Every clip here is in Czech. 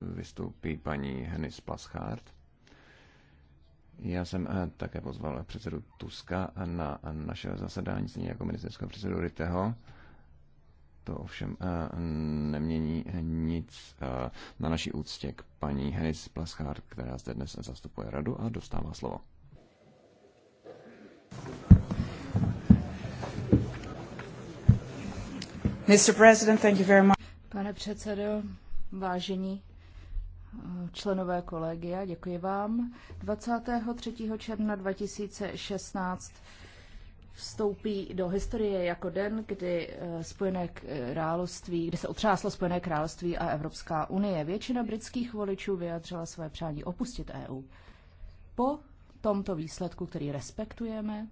vystoupí paní Henis Plaschard. Já jsem eh, také pozval předsedu Tuska na naše zasedání, stejně jako ministerského předsedu Riteho. To ovšem eh, nemění nic eh, na naší úctě k paní Henis Plaschard, která zde dnes zastupuje radu a dostává slovo. Mr. President, thank you very much. Pane předsedo, vážení členové kolegia, děkuji vám. 23. června 2016 vstoupí do historie jako den, kdy eh, Spojené království, kdy se otřáslo Spojené království a Evropská unie. Většina britských voličů vyjadřila své přání opustit EU. Po tomto výsledku, který respektujeme,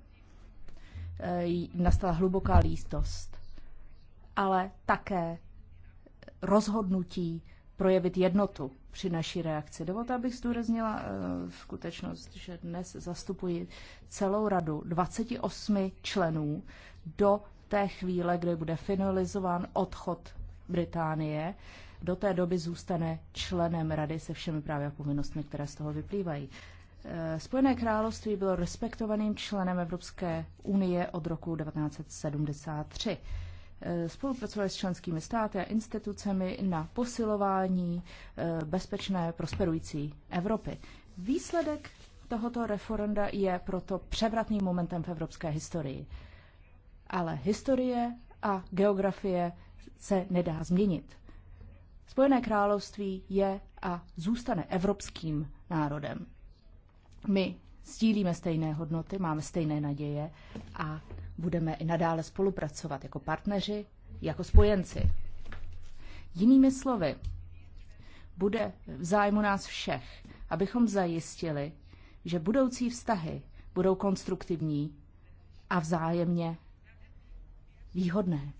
eh, nastala hluboká lístost, ale také rozhodnutí projevit jednotu při naší reakci. Dovolte, abych zdůraznila eh, skutečnost, že dnes zastupuji celou radu 28 členů do té chvíle, kdy bude finalizován odchod Británie. Do té doby zůstane členem rady se všemi právě povinnostmi, které z toho vyplývají. Eh, Spojené království bylo respektovaným členem Evropské unie od roku 1973. Eh, spolupracovat s členskými státy a institucemi na posilování eh, bezpečné prosperující Evropy. Výsledek tohoto referenda je proto převratným momentem v evropské historii. Ale historie a geografie se nedá změnit. Spojené království je a zůstane evropským národem. My sdílíme stejné hodnoty, máme stejné naděje a budeme i nadále spolupracovat jako partneři, jako spojenci. Jinými slovy, bude v zájmu nás všech, abychom zajistili, že budoucí vztahy budou konstruktivní a vzájemně výhodné.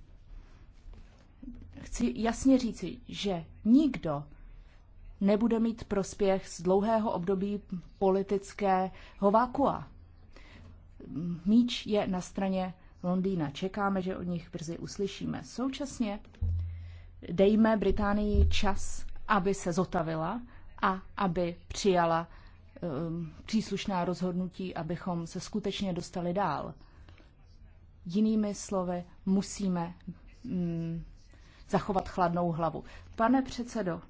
Chci jasně říci, že nikdo nebude mít prospěch z dlouhého období politického vakua. Míč je na straně Londýna. Čekáme, že od nich brzy uslyšíme. Současně dejme Británii čas, aby se zotavila a aby přijala um, příslušná rozhodnutí, abychom se skutečně dostali dál. Jinými slovy, musíme um, zachovat chladnou hlavu. Pane předsedo,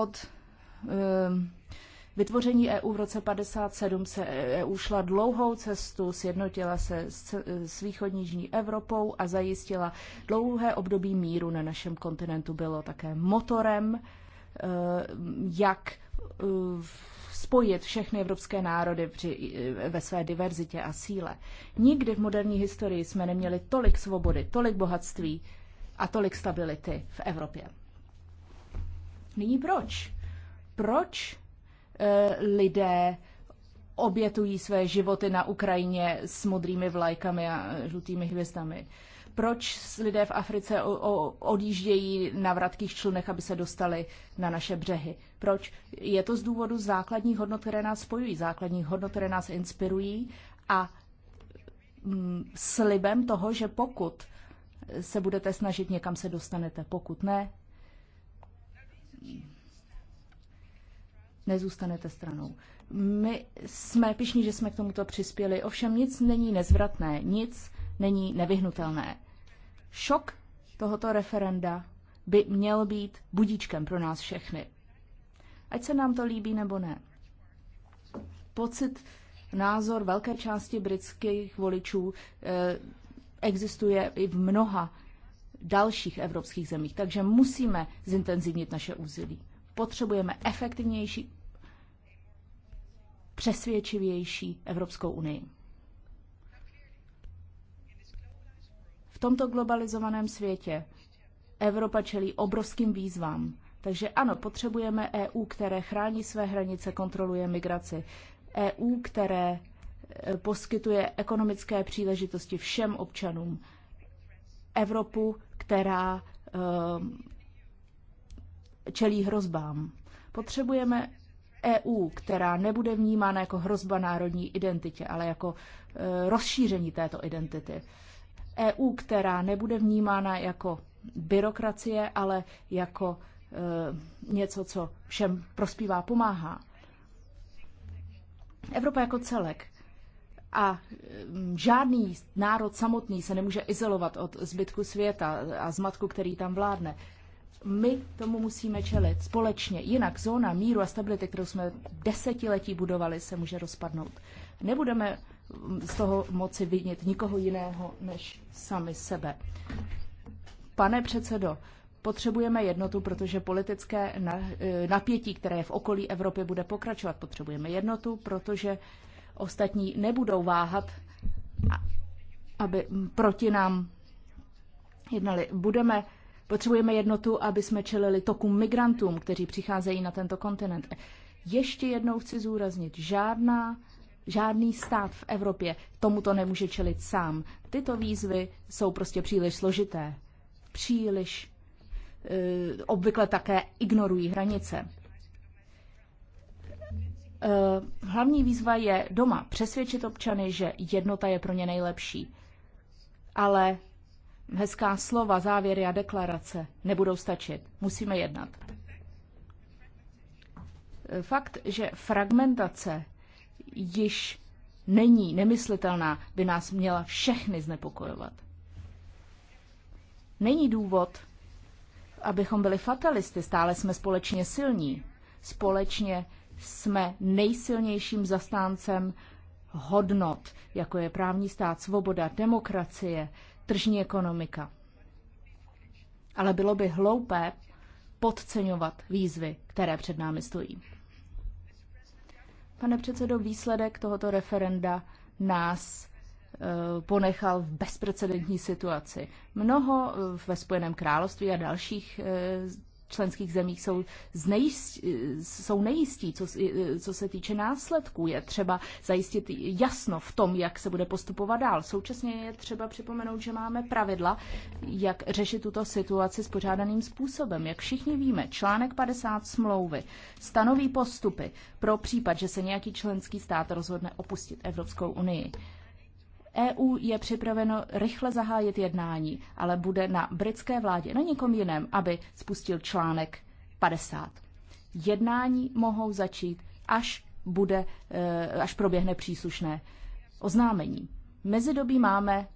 od ehm, vytvoření EU v roce 57 se EU šla dlouhou cestu, sjednotila se s, s východní Jižní Evropou a zajistila dlouhé období míru na našem kontinentu. Bylo také motorem, ehm, jak ehm, spojit všechny evropské národy při, e, ve své diverzitě a síle. Nikdy v moderní historii jsme neměli tolik svobody, tolik bohatství a tolik stability v Evropě. Nyní proč? Proč e, lidé obětují své životy na Ukrajině s modrými vlajkami a žlutými hvězdami? Proč lidé v Africe o, o, odjíždějí na vratkých člunech, aby se dostali na naše břehy? Proč? Je to z důvodu základních hodnot, které nás spojují, základních hodnot, které nás inspirují a mm, slibem toho, že pokud se budete snažit, někam se dostanete. Pokud ne, nezůstanete stranou. My jsme pišní, že jsme k tomuto přispěli, ovšem nic není nezvratné, nic není nevyhnutelné. Šok tohoto referenda by měl být budíčkem pro nás všechny. Ať se nám to líbí nebo ne. Pocit, názor velké části britských voličů eh, existuje i v mnoha dalších evropských zemích. Takže musíme zintenzivnit naše úsilí. Potřebujeme efektivnější, přesvědčivější Evropskou unii. V tomto globalizovaném světě Evropa čelí obrovským výzvám. Takže ano, potřebujeme EU, které chrání své hranice, kontroluje migraci. EU, které eh, poskytuje ekonomické příležitosti všem občanům. Evropu, která ehm, čelí hrozbám. Potřebujeme EU, která nebude vnímána jako hrozba národní identitě, ale jako e, rozšíření této identity. EU, která nebude vnímána jako byrokracie, ale jako e, něco, co všem prospívá, pomáhá. Evropa jako celek, a e, žádný národ samotný se nemůže izolovat od zbytku světa a zmatku, který tam vládne. My tomu musíme čelit společně, jinak zóna míru a stability, kterou jsme desetiletí budovali, se může rozpadnout. Nebudeme z toho moci vinit nikoho jiného než sami sebe. Pane předsedo, potřebujeme jednotu, protože politické e, napětí, které je v okolí Evropy, bude pokračovat. Potřebujeme jednotu, protože ostatní nebudou váhat, aby proti nám jednali. Budeme, potřebujeme jednotu, aby jsme čelili toku migrantům, kteří přicházejí na tento kontinent. Ještě jednou chci zúraznit, žádná, žádný stát v Evropě tomuto nemůže čelit sám. Tyto výzvy jsou prostě příliš složité, příliš eh, obvykle také ignorují hranice. Eh, hlavní výzva je doma přesvědčit občany, že jednota je pro ně nejlepší. Ale hezká slova, závěry a deklarace nebudou stačit. Musíme jednat. Eh, fakt, že fragmentace již není nemyslitelná, by nás měla všechny znepokojovat. Není důvod, abychom byli fatalisty, stále jsme společně silní. Společně jsme nejsilnějším zastáncem hodnot, jako je právní stát, svoboda, demokracie, tržní ekonomika. Ale bylo by hloupé podceňovat výzvy, které před námi stojí. Pane předsedo, výsledek tohoto referenda nás eh, ponechal v bezprecedentní situaci. Mnoho eh, ve Spojeném království a dalších eh, členských zemích jsou, znejist, jsou nejistí, co, co se týče následků. Je třeba zajistit jasno v tom, jak se bude postupovat dál. Současně je třeba připomenout, že máme pravidla, jak řešit tuto situaci spořádaným způsobem. Jak všichni víme, článek 50 smlouvy stanoví postupy pro případ, že se nějaký členský stát rozhodne opustit Evropskou unii. EU je připraveno rychle zahájit jednání, ale bude na britské vládě, na nikom jiném, aby spustil článek 50. Jednání mohou začít, až, bude, eh, až proběhne příslušné oznámení. Mezi dobí máme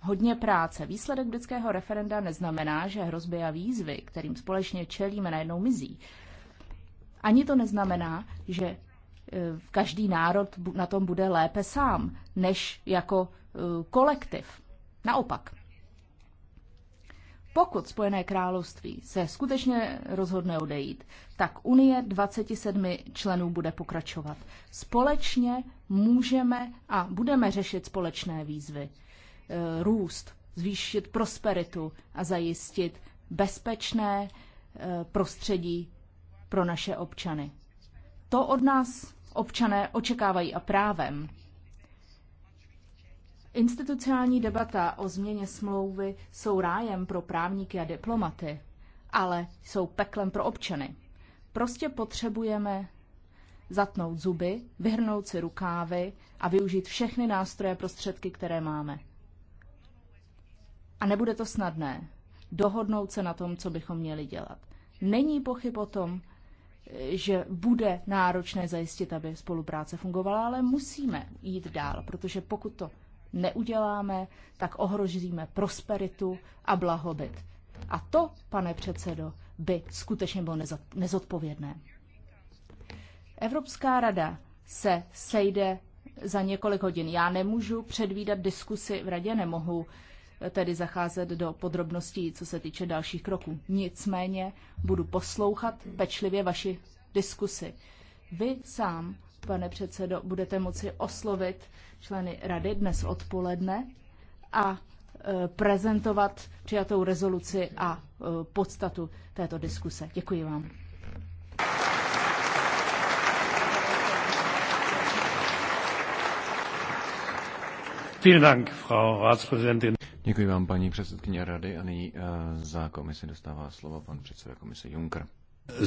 hodně práce. Výsledek britského referenda neznamená, že hrozby a výzvy, kterým společně čelíme, najednou mizí. Ani to neznamená, že Eh, každý národ na tom bude lépe sám, než jako eh, kolektiv. Naopak, pokud Spojené království se skutečně rozhodne odejít, tak Unie 27 členů bude pokračovat. Společně můžeme a budeme řešit společné výzvy. Eh, růst, zvýšit prosperitu a zajistit bezpečné prostředí pro naše občany. To od nás občané očekávají a právem. Institucionální debata o změně smlouvy jsou rájem pro právníky a diplomaty, ale jsou peklem pro občany. Prostě potřebujeme zatnout zuby, vyhrnout si rukávy a využít všechny nástroje a prostředky, které máme. A nebude to snadné dohodnout se na tom, co bychom měli dělat. Není pochyb o tom, že bude náročné zajistit, aby spolupráce fungovala, ale musíme jít dál, protože pokud to neuděláme, tak ohrožíme prosperitu a blahobyt. A to, pane předsedo, by skutečně bylo nezodpovědné. Evropská rada se sejde za několik hodin. Já nemůžu předvídat diskusy v radě, nemohu tedy zacházet do podrobností, co se týče dalších kroků. Nicméně budu poslouchat pečlivě vaši diskusi. Vy sám, pane předsedo, budete moci oslovit členy rady dnes odpoledne a e, prezentovat přijatou rezoluci a e, podstatu této diskuse. Děkuji vám. Vielen Dank, Frau Ratspräsidentin. Děkuji vám, paní předsedkyně rady. A nyní eh, za komisi dostává slovo pan předseda komise Juncker.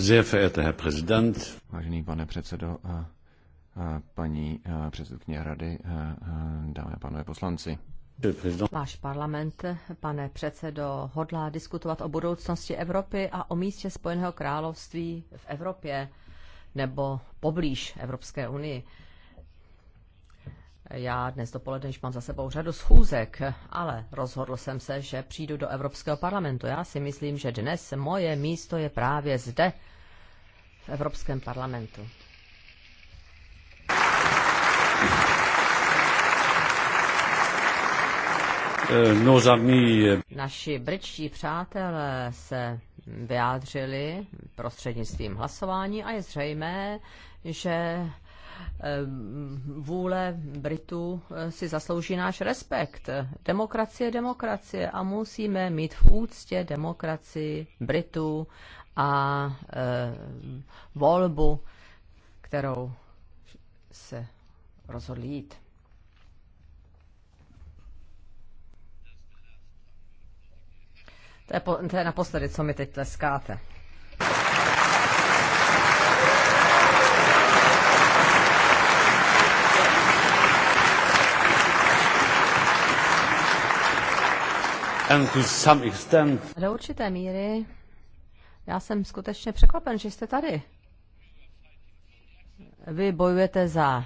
Sehr verehrter Herr Präsident. Vážený pane předsedo, a, eh, a eh, paní a předsedkyně rady, a, a, dámy a pánové poslanci. Váš parlament, pane předsedo, hodlá diskutovat o budoucnosti Evropy a o místě Spojeného království v Evropě nebo poblíž Evropské unii. Já dnes dopoledne, již mám za sebou řadu schůzek, ale rozhodl jsem se, že přijdu do Evropského parlamentu. Já si myslím, že dnes moje místo je právě zde, v Evropském parlamentu. Eh, eh. Naši britští přátelé se vyjádřili prostřednictvím hlasování a je zřejmé, že Ehm, vůle Britů eh, si zaslouží náš respekt. Demokracie je demokracie a musíme mít v úctě demokracii Britů a ehm, volbu, kterou se rozhodl jít. To je, po, to je naposledy, co mi teď tleskáte. Do určité míry já jsem skutečně překvapen, že jste tady. Vy bojujete za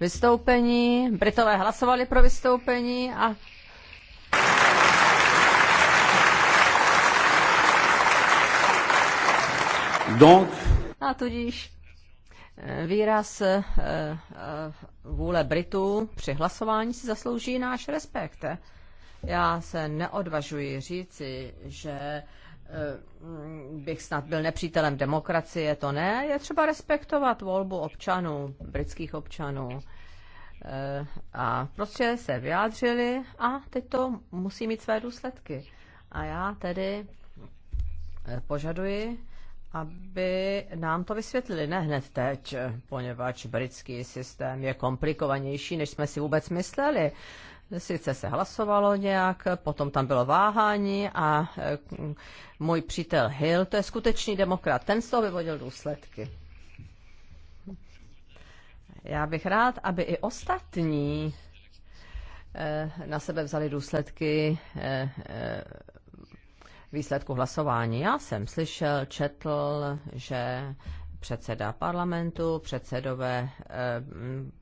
vystoupení, Britové hlasovali pro vystoupení a Donc, a tudíž eh, výraz eh, eh, vůle Britů při hlasování si zaslouží náš respekt. Já se neodvažuji říci, že eh, bych snad byl nepřítelem demokracie, to ne. Je třeba respektovat volbu občanů, britských občanů. Eh, a prostě se vyjádřili a teď to musí mít své důsledky. A já tedy eh, požaduji, aby nám to vysvětlili, ne hned teď, poněvadž britský systém je komplikovanější, než jsme si vůbec mysleli. Sice se hlasovalo nějak, potom tam bylo váhání a eh, můj přítel Hill, to je skutečný demokrat, ten z toho vyvodil důsledky. Já bych rád, aby i ostatní eh, na sebe vzali důsledky eh, výsledku hlasování. Já jsem slyšel, četl, že předseda parlamentu, předsedové eh,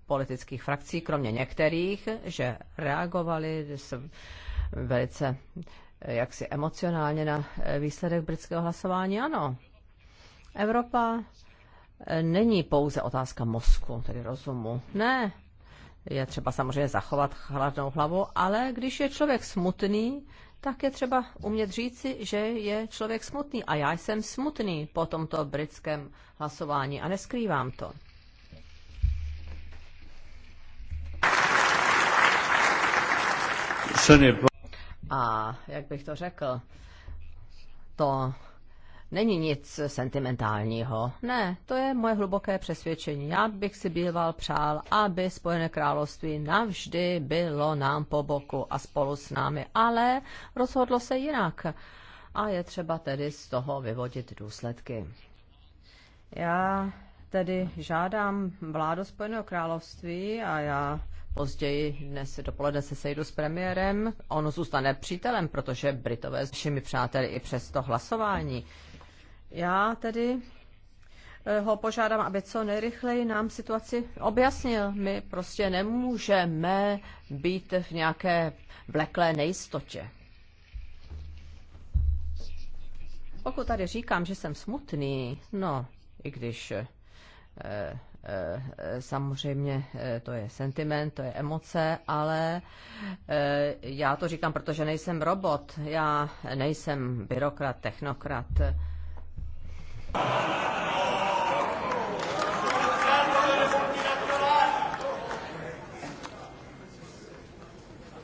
politických frakcí, kromě některých, že reagovali velice eh, jaksi emocionálně na eh, výsledek britského hlasování. Ano, Evropa není pouze otázka mozku, tedy rozumu. Ne, je třeba samozřejmě zachovat chladnou hlavu, ale když je člověk smutný, tak je třeba umět říci, že je člověk smutný. A já jsem smutný po tomto britském hlasování a neskrývám to. A jak bych to řekl, to není nic sentimentálního. Ne, to je moje hluboké přesvědčení. Já bych si býval přál, aby Spojené království navždy bylo nám po boku a spolu s námi, ale rozhodlo se jinak. A je třeba tedy z toho vyvodit důsledky. Já tedy žádám vládu Spojeného království a já Později dnes dopoledne se sejdu s premiérem. On zůstane přítelem, protože Britové s všemi přáteli i přes to hlasování já tedy eh, ho požádám, aby co nejrychleji nám situaci objasnil. My prostě nemůžeme být v nějaké vleklé nejistotě. Pokud tady říkám, že jsem smutný, no, i když e, e, samozřejmě e, to je sentiment, to je emoce, ale e, já to říkám, protože nejsem robot, já nejsem byrokrat, technokrat. E,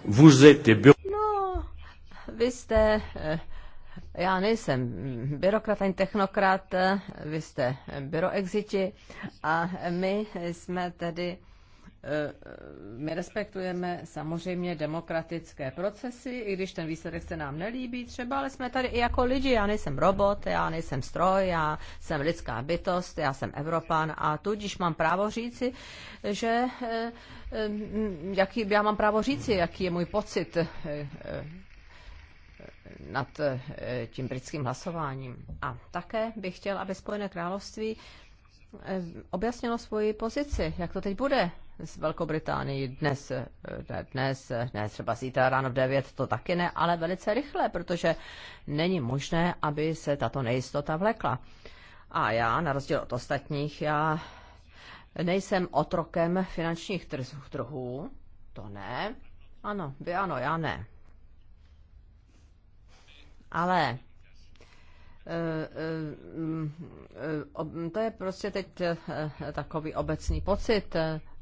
Vous êtes... No, vy jste... Eh, já nejsem byrokrat ani technokrat, eh, vy jste byroexiti a my jsme tedy my respektujeme samozřejmě demokratické procesy, i když ten výsledek se nám nelíbí třeba, ale jsme tady i jako lidi. Já nejsem robot, já nejsem stroj, já jsem lidská bytost, já jsem Evropan a tudíž mám právo říci, že eh, eh, jaký, já mám právo říci, jaký je můj pocit eh, nad tím britským hlasováním. A také bych chtěl, aby Spojené království Eh, objasnilo svoji pozici, jak to teď bude s Velkou Británií dnes, ne, eh, dnes, eh, ne třeba zítra ráno v 9, to taky ne, ale velice rychle, protože není možné, aby se tato nejistota vlekla. A já, na rozdíl od ostatních, já nejsem otrokem finančních trhů, to ne. Ano, vy ano, já ne. Ale Eh, eh, mm, eh, to je prostě teď takový obecný pocit,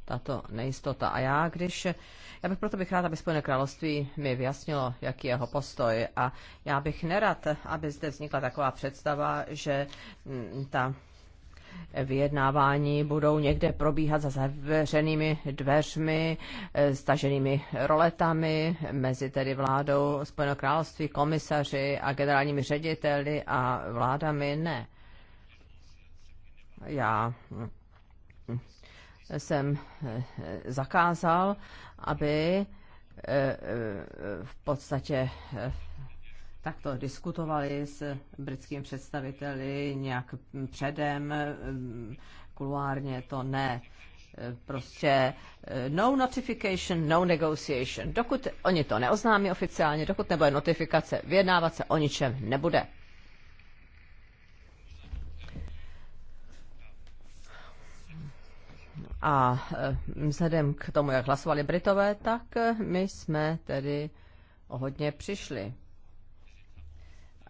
tato nejistota. A já, když, já bych proto bych rád, aby Spojené království mi vyjasnilo, jaký je jeho postoj. A já bych nerad, aby zde vznikla taková představa, že mm, ta vyjednávání budou někde probíhat za zavřenými dveřmi, eh, staženými roletami mezi tedy vládou Spojeného království, komisaři a generálními řediteli a vládami ne. Já eh, jsem eh, zakázal, aby v podstatě takto diskutovali s britským představiteli nějak předem, kuluárně to ne. Prostě eh, no notification, no negotiation. Dokud oni to neoznámí oficiálně, dokud nebude notifikace, vyjednávat se o ničem nebude. A eh, vzhledem k tomu, jak hlasovali Britové, tak eh, my jsme tedy o hodně přišli.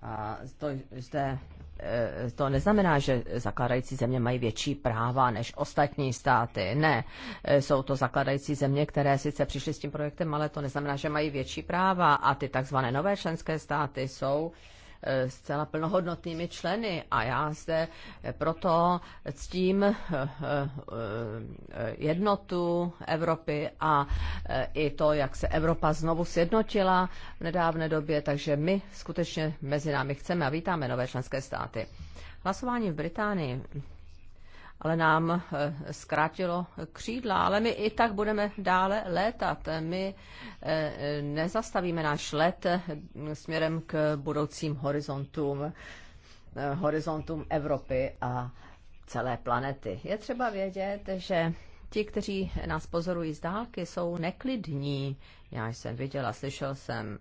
A to, zde, e, to neznamená, že zakladající země mají větší práva než ostatní státy. Ne, e, jsou to zakladající země, které sice přišly s tím projektem, ale to neznamená, že mají větší práva. A ty takzvané nové členské státy jsou uh, Eh, zcela plnohodnotnými členy a já zde proto ctím eh, eh, jednotu Evropy a i to, jak se Evropa znovu sjednotila v nedávné době, takže my skutečně mezi námi chceme a vítáme nové členské státy. Hlasování v Británii ale nám eh, zkrátilo křídla. Ale my i tak budeme dále létat. My eh, nezastavíme náš let eh, směrem k budoucím horizontům, horizontům Evropy a celé planety. Je třeba vědět, že ti, kteří nás pozorují z dálky, jsou neklidní. Já jsem viděla, slyšel jsem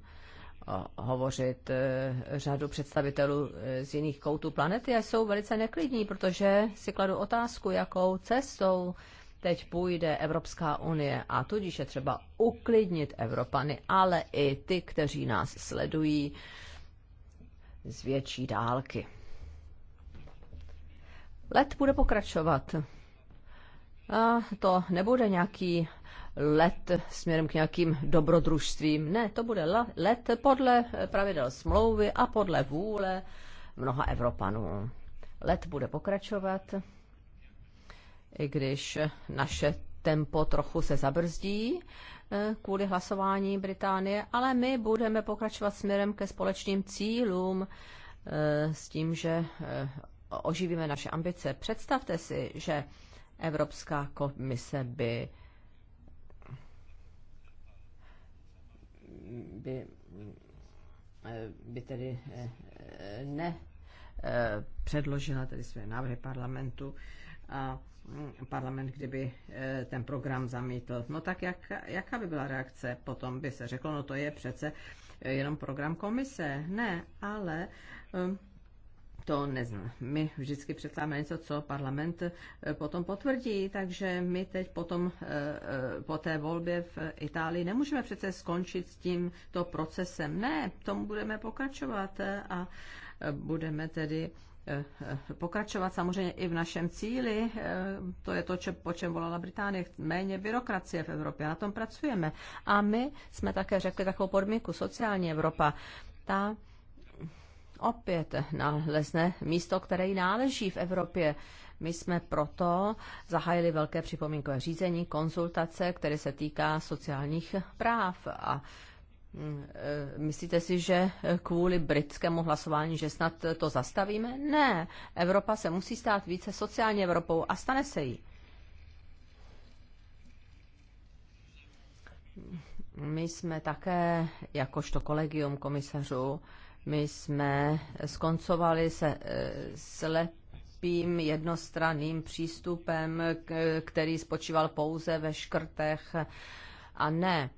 hovořit eh, řadu představitelů eh, z jiných koutů planety a jsou velice neklidní, protože si kladu otázku, jakou cestou teď půjde Evropská unie a tudíž je třeba uklidnit Evropany, ale i ty, kteří nás sledují z větší dálky. Let bude pokračovat. A to nebude nějaký let směrem k nějakým dobrodružstvím. Ne, to bude let podle pravidel smlouvy a podle vůle mnoha Evropanů. Let bude pokračovat, i když naše tempo trochu se zabrzdí eh, kvůli hlasování Británie, ale my budeme pokračovat směrem ke společným cílům eh, s tím, že eh, oživíme naše ambice. Představte si, že Evropská komise by by, by tedy eh, ne eh, předložila tedy své návrhy parlamentu a mm, parlament, kdyby eh, ten program zamítl. No tak jak, jaká by byla reakce? Potom by se řeklo, no to je přece jenom program komise. Ne, ale to neznám. My vždycky předkládáme něco, co parlament eh, potom potvrdí, takže my teď potom eh, eh, po té volbě v Itálii nemůžeme přece skončit s tímto procesem. Ne, tomu budeme pokračovat a budeme tedy pokračovat samozřejmě i v našem cíli. To je to, če, po čem volala Británie. Méně byrokracie v Evropě. Na tom pracujeme. A my jsme také řekli takovou podmínku. Sociální Evropa. Ta opět nalezne místo, které jí náleží v Evropě. My jsme proto zahájili velké připomínkové řízení, konzultace, které se týká sociálních práv a mm, e, Myslíte si, že kvůli britskému hlasování, že snad to zastavíme? Ne. Evropa se musí stát více sociální Evropou a stane se jí. My jsme také, jakožto kolegium komisařů, my jsme skoncovali se eh, slepým jednostranným přístupem, který spočíval pouze ve škrtech a ne.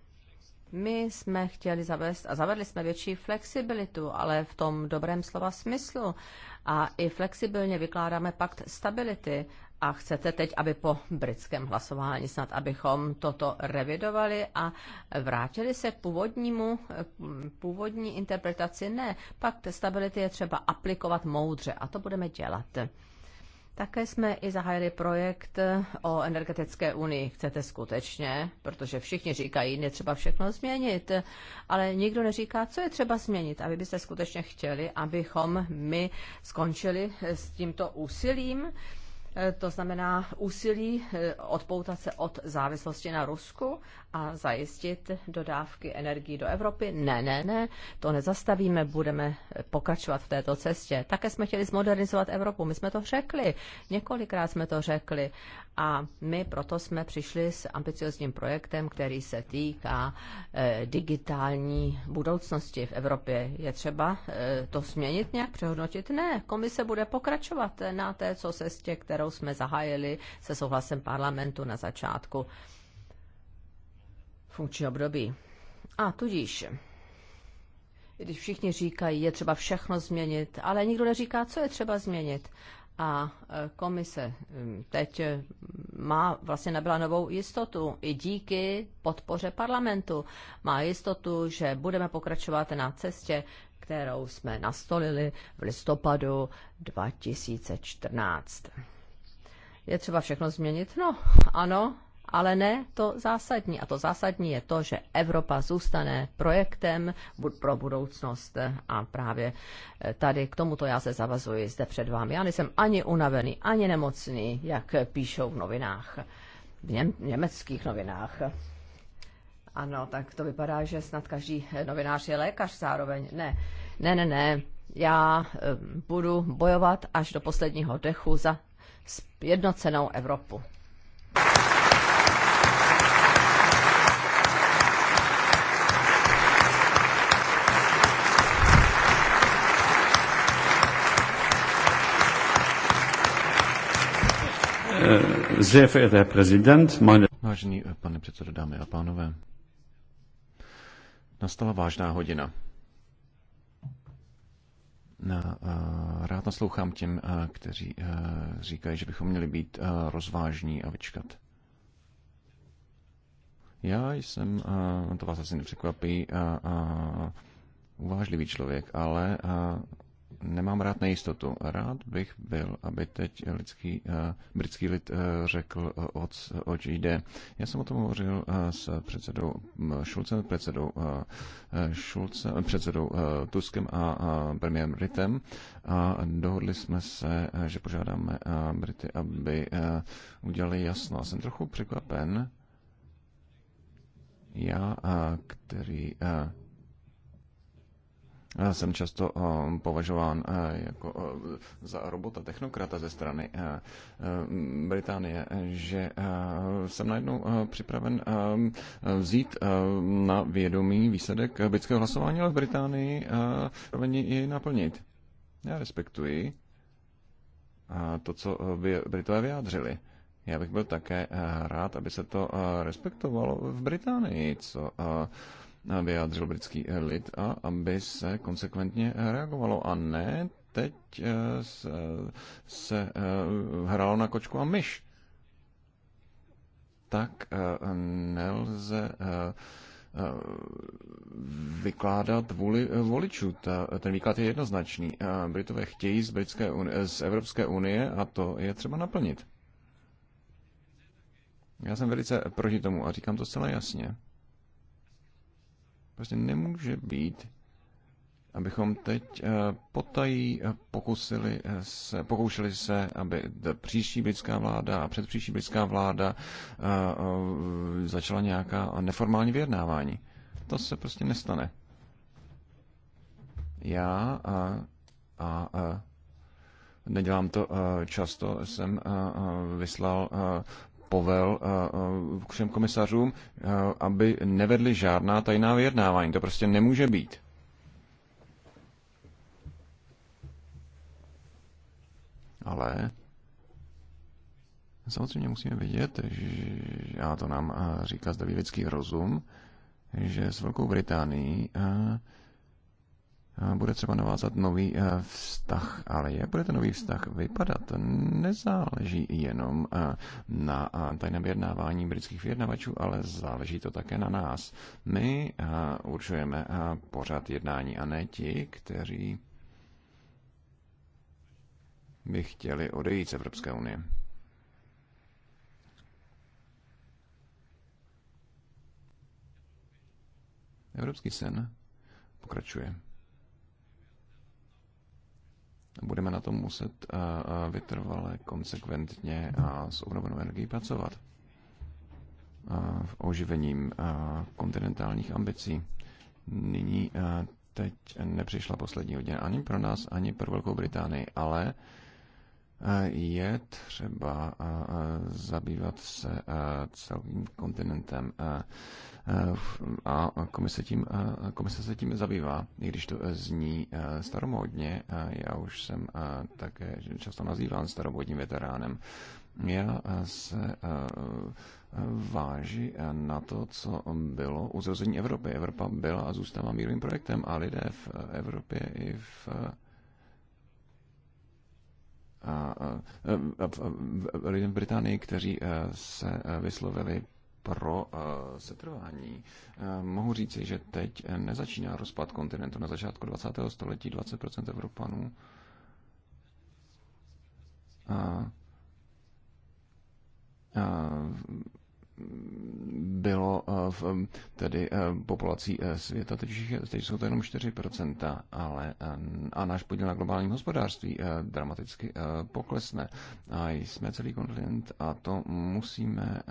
My jsme chtěli zavést a zavedli jsme větší flexibilitu, ale v tom dobrém slova smyslu. A i flexibilně vykládáme pakt stability a chcete teď, aby po britském hlasování snad, abychom toto revidovali a vrátili se k původnímu, eh, původní interpretaci? Ne, Pak stability je třeba aplikovat moudře a to budeme dělat. Také jsme i zahájili projekt eh, o energetické unii. Chcete skutečně, protože všichni říkají, je třeba všechno změnit, ale nikdo neříká, co je třeba změnit. aby byste skutečně chtěli, abychom my skončili s tímto úsilím, Eh, to znamená úsilí eh, odpoutat se od závislosti na Rusku a zajistit dodávky energii do Evropy? Ne, ne, ne, to nezastavíme, budeme pokračovat v této cestě. Také jsme chtěli zmodernizovat Evropu, my jsme to řekli, několikrát jsme to řekli a my proto jsme přišli s ambiciozním projektem, který se týká eh, digitální budoucnosti v Evropě. Je třeba eh, to změnit nějak, přehodnotit? Ne, komise bude pokračovat na té co cestě, kterou jsme zahájili se souhlasem parlamentu na začátku funkční období. A tudíž, když všichni říkají, je třeba všechno změnit, ale nikdo neříká, co je třeba změnit. A e, komise mm, teď e, má, vlastně nabila novou jistotu i díky podpoře parlamentu. Má jistotu, že budeme pokračovat na cestě, kterou jsme nastolili v listopadu 2014. Je třeba všechno změnit? No, ano, ale ne to zásadní. A to zásadní je to, že Evropa zůstane projektem pro budoucnost a právě eh, tady k tomuto já se zavazuji zde před vámi. Já nejsem ani unavený, ani nemocný, jak píšou v novinách, v něm, německých novinách. Ano, tak to vypadá, že snad každý novinář je lékař zároveň. Ne, ne, ne, ne. Já eh, budu bojovat až do posledního dechu za jednocenou Evropu. Eh, sehr verehrter Herr Präsident, meine... Vážený eh, pane předsedo, dámy a pánové, nastala vážná hodina. Na, uh, rád naslouchám těm, uh, kteří uh, říkají, že bychom měli být uh, rozvážní a vyčkat. Já jsem, uh, to vás asi nepřekvapí, uh, uh, uvážlivý člověk, ale a, nemám rád nejistotu. Rád bych byl, aby teď lidský, eh, britský lid eh, řekl, eh, oč, oč jde. Já jsem o tom hovořil s předsedou Šulcem, předsedou, Šulcem, předsedou Tuskem a premiérem Ritem a dohodli jsme se, že požádáme Brity, aby udělali jasno. Jsem trochu překvapen, já, který jsem často eh, považován eh, jako eh, za robota technokrata ze strany Británie, že jsem najednou připraven vzít na vědomí výsledek britského hlasování, ale v Británii ji naplnit. Já respektuji to, co by Britové vyjádřili. Já bych byl také rád, aby se to respektovalo v Británii, co vyjádřil britský eh, lid a aby se konsekventně eh, reagovalo a ne teď eh, se, se hrálo na kočku a myš. Tak nelze vykládat vůli voličů. Ta, ten výklad je jednoznačný. Britové chtějí z, Britské unie, z Evropské unie a to je třeba naplnit. Já jsem velice proti tomu a říkám to zcela jasně. Prostě nemůže být, abychom teď eh, potají eh, pokusili eh, se, pokoušeli se, aby příští britská vláda a předpříští britská vláda začala nějaká neformální vyjednávání. To se prostě nestane. Já a, a, a nedělám to často, jsem vyslal povel eh, eh, k všem komisařům, eh, aby nevedli žádná tajná vyjednávání. To prostě nemůže být. Ale samozřejmě musíme vidět, že, já to nám říká zdravivědský rozum, že s Velkou Británií bude třeba navázat nový eh, vztah, ale jak bude ten nový vztah vypadat, nezáleží jenom eh, na tajném vyjednávání britských vyjednavačů, ale záleží to také na nás. My eh, určujeme pořád jednání a ne ti, kteří by chtěli odejít z Evropské unie. Evropský sen pokračuje budeme na tom muset eh, eh, vytrvale, konsekventně a s obnovenou energií pracovat. Eh, v oživením kontinentálních ambicí. Nyní teď nepřišla poslední hodina ani pro nás, ani pro Velkou Británii, ale je třeba zabývat se celým kontinentem a komise, tím, komise se tím zabývá, i když to e, zní e, staromódně. Já už jsem také často nazýván staromódním veteránem. Já se váží na to, co bylo uzrození Evropy. Evropa byla a zůstává mírovým projektem a lidé v Evropě i v a, a, a lidem v Británii, kteří eh, se eh, vyslovili pro eh, setrvání. Mohu říci, že teď nezačíná rozpad kontinentu. Na začátku 20. století 20% Evropanů a, a bylo eh, v, tedy eh, populací eh, světa, teď, teď jsou to jenom 4%, ale a náš podíl na globálním hospodářství dramaticky poklesne. A jsme celý kontinent a to musíme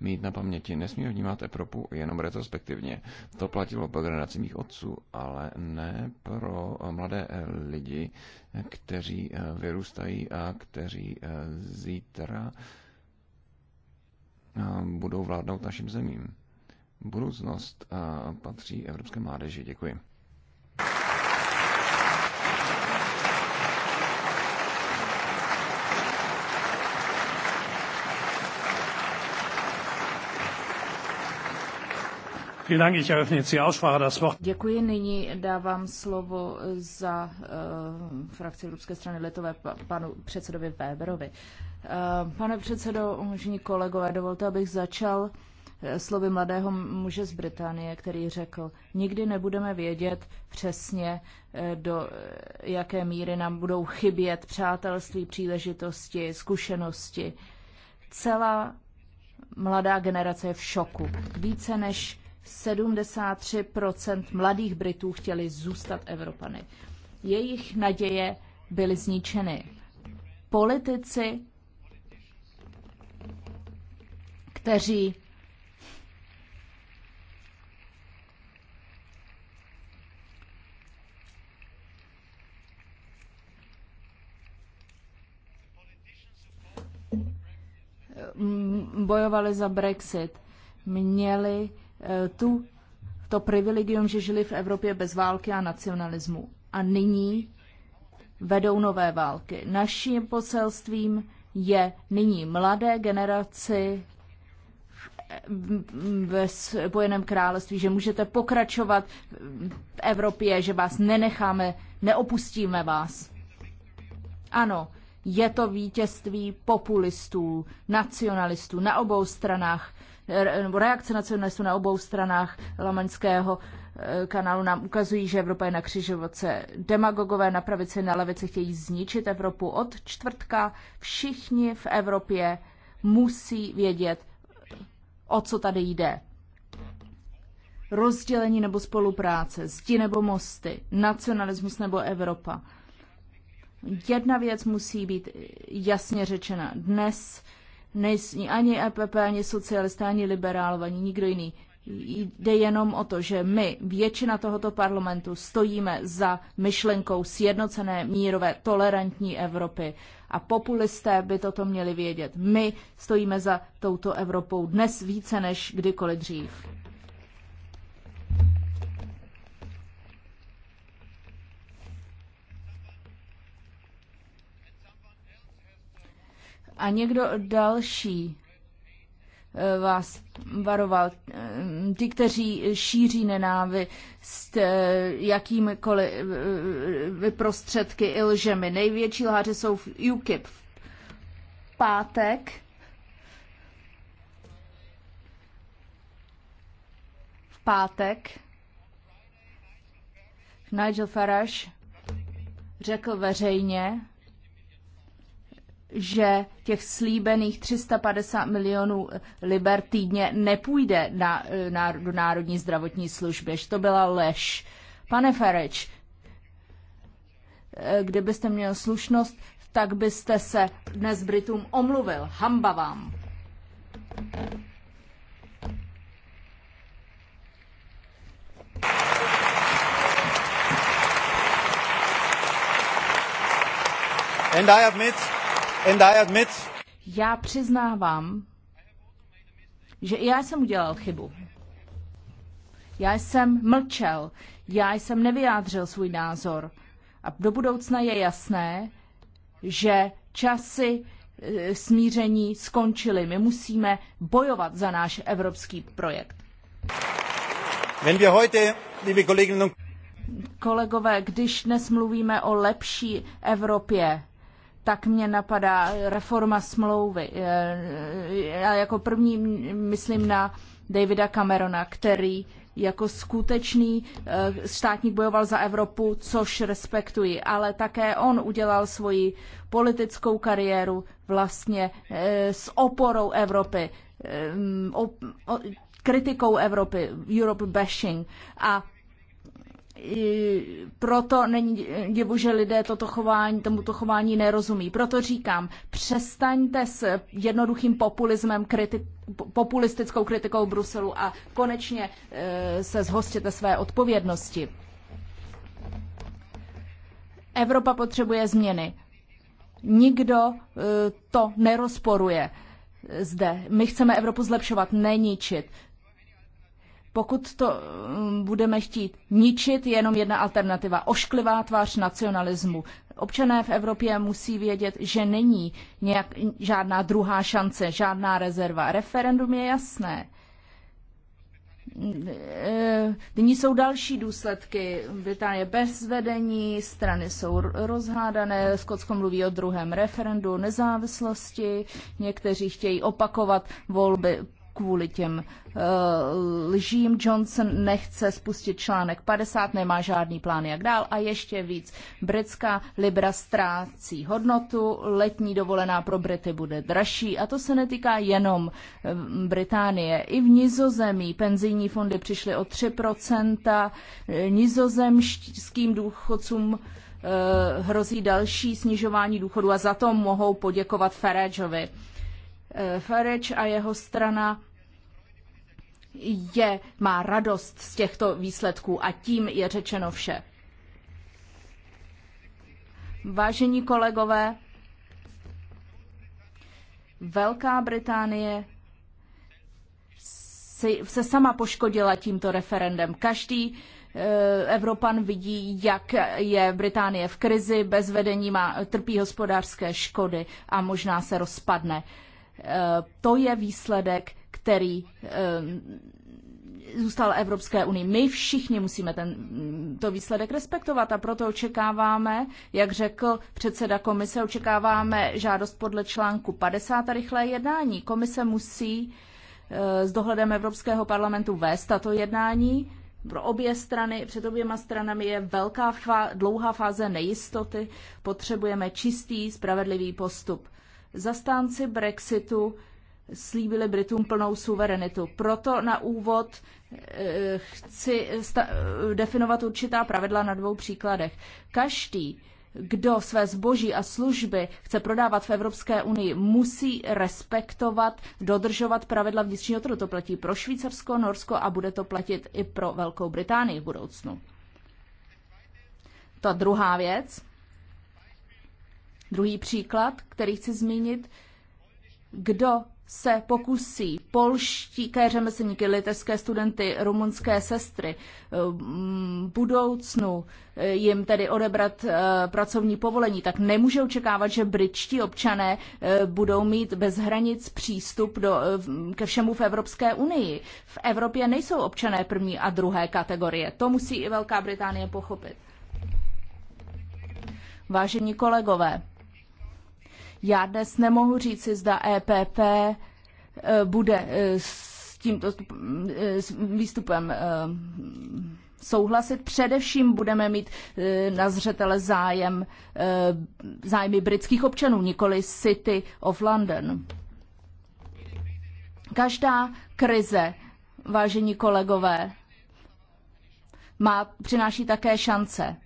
mít na paměti. Nesmíme vnímat Evropu jenom retrospektivně. To platilo pro generaci mých otců, ale ne pro mladé lidi, kteří vyrůstají a kteří zítra budou vládnout našim zemím. Budoucnost patří evropské mládeži. Děkuji. Děkuji. Nyní dávám slovo za uh, frakci Evropské strany Letové panu předsedovi Weberovi. Eh, pane předsedo, umožní kolegové, dovolte, abych začal eh, slovy mladého muže z Británie, který řekl, nikdy nebudeme vědět přesně, eh, do jaké míry nám budou chybět přátelství, příležitosti, zkušenosti. Celá mladá generace je v šoku. Více než 73% mladých Britů chtěli zůstat Evropany. Jejich naděje byly zničeny. Politici kteří bojovali za Brexit, měli eh, tu, to privilegium, že žili v Evropě bez války a nacionalismu. A nyní vedou nové války. Naším poselstvím je nyní mladé generaci ve Spojeném království, že můžete pokračovat v Evropě, že vás nenecháme, neopustíme vás. Ano, je to vítězství populistů, nacionalistů na obou stranách, reakce nacionalistů na obou stranách Lamaňského eh, kanálu nám ukazují, že Evropa je na křižovatce. Demagogové na pravici na levici chtějí zničit Evropu od čtvrtka. Všichni v Evropě musí vědět, o co tady jde. Rozdělení nebo spolupráce, zdi nebo mosty, nacionalismus nebo Evropa. Jedna věc musí být jasně řečena. Dnes nejsou ani EPP, ani socialisté, ani liberálové, ani nikdo jiný. Jde jenom o to, že my, většina tohoto parlamentu, stojíme za myšlenkou sjednocené, mírové, tolerantní Evropy. A populisté by toto měli vědět. My stojíme za touto Evropou dnes více než kdykoliv dřív. A někdo další Eh, vás varoval. Eh, ti, kteří šíří nenávist eh, jakýmikoliv prostředky i lžemi. Největší lháři jsou v UKIP. V pátek v pátek Nigel Farage řekl veřejně, že těch slíbených 350 milionů liber týdně nepůjde na, na, do Národní zdravotní služby, že to byla lež. Pane Fereč, eh, kdybyste měl slušnost, tak byste se dnes Britům omluvil. Hamba vám. And I admit And I admit, já přiznávám, že i já jsem udělal chybu. Já jsem mlčel, já jsem nevyjádřil svůj názor. A do budoucna je jasné, že časy eh, smíření skončily. My musíme bojovat za náš evropský projekt. Wenn wir heute, liebe Kolleginnen und Kolegové, když dnes mluvíme o lepší Evropě, tak mě napadá reforma smlouvy. Eh, já jako první myslím na Davida Camerona, který jako skutečný eh, státník bojoval za Evropu, což respektuji, ale také on udělal svoji politickou kariéru vlastně eh, s oporou Evropy, kritikou Evropy, Europe bashing a proto není divu, že lidé toto chování, tomuto chování nerozumí. Proto říkám, přestaňte s jednoduchým populismem, kriti- populistickou kritikou Bruselu a konečně e, se zhostěte své odpovědnosti. Evropa potřebuje změny. Nikdo e, to nerozporuje zde. My chceme Evropu zlepšovat, neničit. Pokud to mm, budeme chtít ničit, je jenom jedna alternativa. Ošklivá tvář nacionalismu. Občané v Evropě musí vědět, že není nějak, žádná druhá šance, žádná rezerva. Referendum je jasné. E, nyní jsou další důsledky. Británie bez vedení, strany jsou rozhádané, Skotsko mluví o druhém referendu nezávislosti, někteří chtějí opakovat volby kvůli těm uh, lžím. Johnson nechce spustit článek 50, nemá žádný plán jak dál a ještě víc. Britská libra ztrácí hodnotu, letní dovolená pro Brity bude dražší a to se netýká jenom eh, Británie. I v Nizozemí penzijní fondy přišly o 3%, nizozemským důchodcům eh, hrozí další snižování důchodu a za to mohou poděkovat Farageovi. Eh, Farage a jeho strana je, má radost z těchto výsledků a tím je řečeno vše. Vážení kolegové, Velká Británie se sama poškodila tímto referendem. Každý eh, Evropan vidí, jak je Británie v krizi, bez vedení má, trpí hospodářské škody a možná se rozpadne. Eh, to je výsledek, který eh, zůstal Evropské unii. My všichni musíme ten, mm, to výsledek respektovat a proto očekáváme, jak řekl předseda komise, očekáváme žádost podle článku 50 a rychlé jednání. Komise musí eh, s dohledem Evropského parlamentu vést tato jednání. Pro obě strany, před oběma stranami je velká dlouhá fáze nejistoty. Potřebujeme čistý, spravedlivý postup. Zastánci Brexitu slíbili Britům plnou suverenitu. Proto na úvod eh, chci definovat určitá pravidla na dvou příkladech. Každý, kdo své zboží a služby chce prodávat v Evropské unii, musí respektovat, dodržovat pravidla vnitřního trhu. To platí pro Švýcarsko, Norsko a bude to platit i pro Velkou Británii v budoucnu. Ta druhá věc, Druhý příklad, který chci zmínit, kdo se pokusí polštíké řemeslníky, litevské studenty, rumunské sestry mm, v budoucnu eh, jim tedy odebrat eh, pracovní povolení, tak nemůže očekávat, že britští občané eh, budou mít bez hranic přístup do, ke všemu v Evropské unii. V Evropě nejsou občané první a druhé kategorie. To musí i Velká Británie pochopit. Vážení kolegové, já dnes nemohu říci, zda EPP eh, bude eh, s tímto eh, výstupem souhlasit. Především budeme mít na zřetele zájem, zájmy britských občanů, nikoli City of London. Každá krize, vážení kolegové, má, přináší také šance.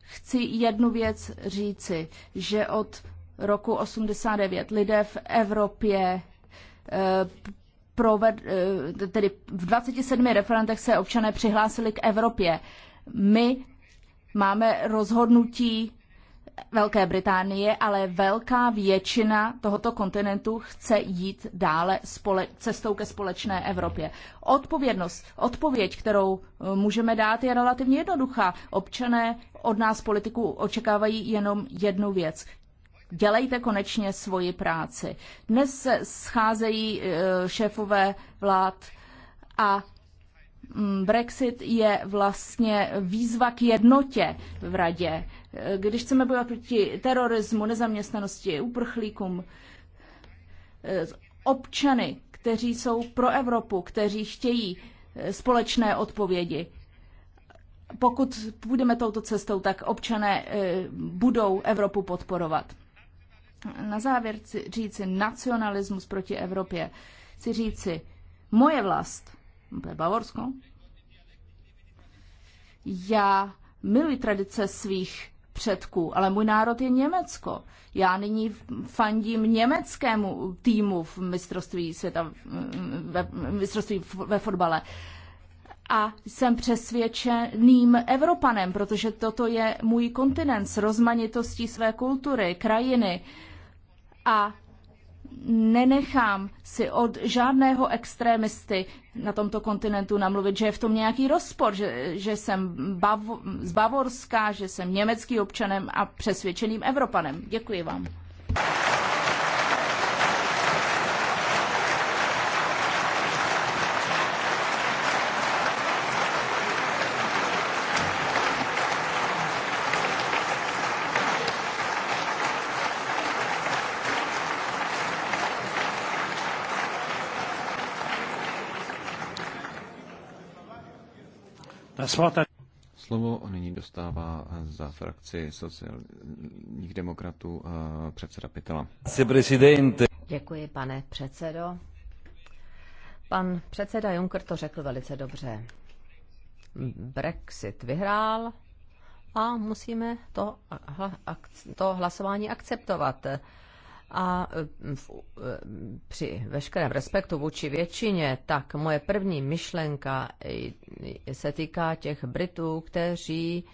Chci jednu věc říci, že od roku 89 lidé v Evropě eh, proved, eh, tedy v 27 referentech se občané přihlásili k Evropě. My máme rozhodnutí Velké Británie, ale velká většina tohoto kontinentu chce jít dále spole- cestou ke společné Evropě. Odpovědnost, odpověď, kterou eh, můžeme dát, je relativně jednoduchá. Občané od nás politiků očekávají jenom jednu věc dělejte konečně svoji práci. Dnes se scházejí e, šéfové vlád a mm, Brexit je vlastně výzva k jednotě v radě. E, když chceme bojovat proti terorismu, nezaměstnanosti, uprchlíkům, e, občany, kteří jsou pro Evropu, kteří chtějí společné odpovědi. Pokud půjdeme touto cestou, tak občané budou Evropu podporovat na závěr chci říci nacionalismus proti Evropě. Chci říci moje vlast, to je Bavorsko, já miluji tradice svých předků, ale můj národ je Německo. Já nyní fandím německému týmu v mistrovství světa, ve, mistrovství ve fotbale. A jsem přesvědčeným Evropanem, protože toto je můj kontinent s rozmanitostí své kultury, krajiny, uh, a nenechám si od žádného extrémisty na tomto kontinentu namluvit, že je v tom nějaký rozpor, že, že jsem bav, z Bavorska, že jsem německý občanem a přesvědčeným Evropanem. Děkuji vám. Slovo nyní dostává eh, za frakci sociálních demokratů eh, předseda Pitela. Děkuji, pane předsedo. Pan předseda Juncker to řekl velice dobře. Brexit vyhrál a musíme to, to hlasování akceptovat a e, v, e, při veškerém respektu vůči většině, tak moje první myšlenka e, se týká těch Britů, kteří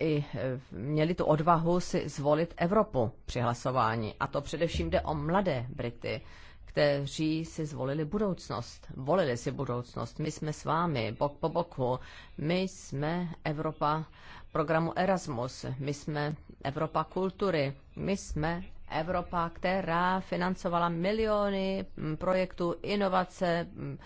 i měli tu odvahu si zvolit Evropu při hlasování. A to především jde o mladé Brity, kteří si zvolili budoucnost. Volili si budoucnost. My jsme s vámi, bok po boku. My jsme Evropa programu Erasmus. My jsme Evropa kultury. My jsme Evropa, která financovala miliony mm, projektů inovace, mm,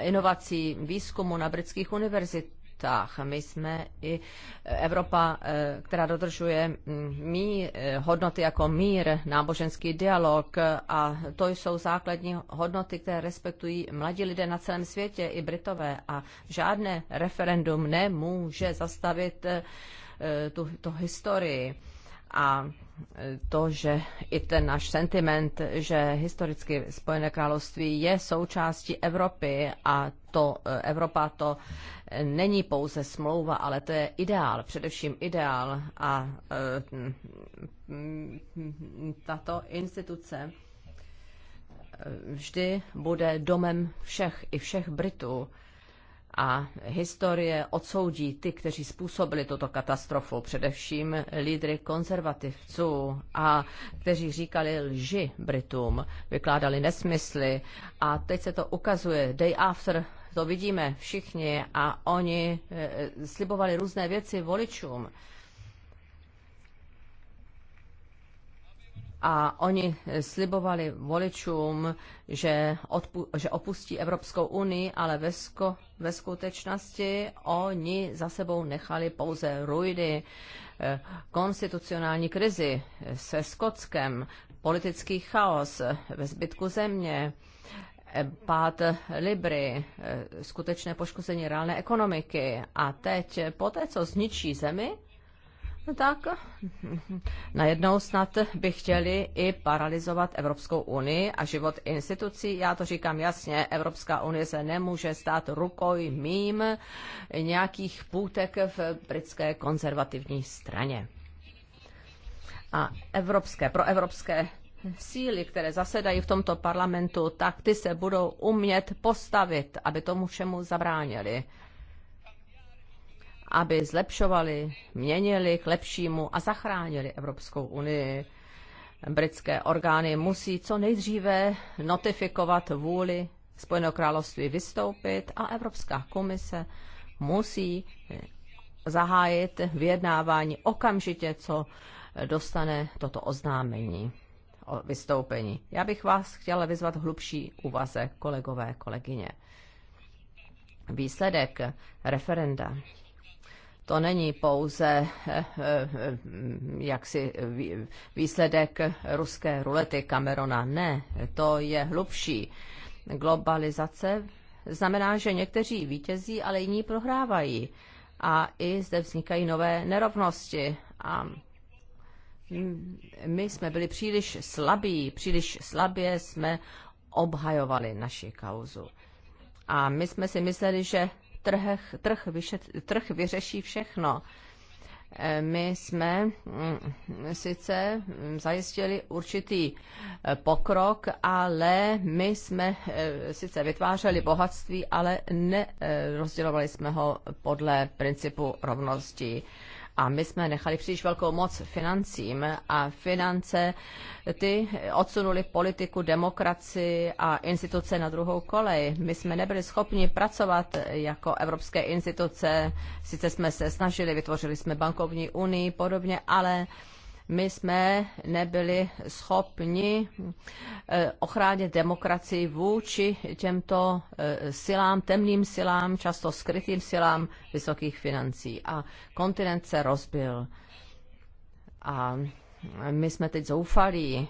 inovací výzkumu na britských univerzitách. My jsme i Evropa, eh, která dodržuje mm, mí, eh, hodnoty jako mír, náboženský dialog a to jsou základní hodnoty, které respektují mladí lidé na celém světě, i Britové. A žádné referendum nemůže zastavit eh, tu, tu historii a e, to, že i ten náš sentiment, že historicky Spojené království je součástí Evropy a to e, Evropa to e, není pouze smlouva, ale to je ideál, především ideál a tato instituce vždy bude domem všech i všech Britů a historie odsoudí ty, kteří způsobili tuto katastrofu, především lídry konzervativců, a kteří říkali lži Britům, vykládali nesmysly a teď se to ukazuje day after to vidíme všichni a oni eh, slibovali různé věci voličům. a oni slibovali voličům, že, odpu- že opustí Evropskou unii, ale ve, sko- ve skutečnosti oni za sebou nechali pouze ruiny, eh, konstitucionální krizi se Skotskem, politický chaos ve zbytku země, pát Libry, eh, skutečné poškození reálné ekonomiky. A teď, po té, co zničí zemi, No tak najednou snad by chtěli i paralizovat Evropskou unii a život institucí. Já to říkám jasně, Evropská unie se nemůže stát rukojmím nějakých půtek v britské konzervativní straně. A evropské, proevropské síly, které zasedají v tomto parlamentu, tak ty se budou umět postavit, aby tomu všemu zabránili aby zlepšovali, měnili k lepšímu a zachránili Evropskou unii. Britské orgány musí co nejdříve notifikovat vůli Spojeného království vystoupit a Evropská komise musí zahájit vyjednávání okamžitě, co dostane toto oznámení o vystoupení. Já bych vás chtěla vyzvat hlubší úvaze, kolegové, kolegyně. Výsledek referenda to není pouze eh, eh, jaksi výsledek ruské rulety Camerona. Ne, to je hlubší. Globalizace znamená, že někteří vítězí, ale jiní prohrávají. A i zde vznikají nové nerovnosti. A my jsme byli příliš slabí, příliš slabě jsme obhajovali naši kauzu. A my jsme si mysleli, že trh, trh, vyšet, trh vyřeší všechno. Eh, my jsme mm, sice zajistili určitý eh, pokrok, ale my jsme eh, sice vytvářeli bohatství, ale nerozdělovali jsme ho podle principu rovnosti. A my jsme nechali příliš velkou moc financím a finance ty odsunuli politiku, demokracii a instituce na druhou kolej. My jsme nebyli schopni pracovat jako evropské instituce, sice jsme se snažili, vytvořili jsme bankovní unii podobně, ale my jsme nebyli schopni eh, ochránit demokracii vůči těmto eh, silám, temným silám, často skrytým silám vysokých financí. A kontinent se rozbil. A my jsme teď zoufalí,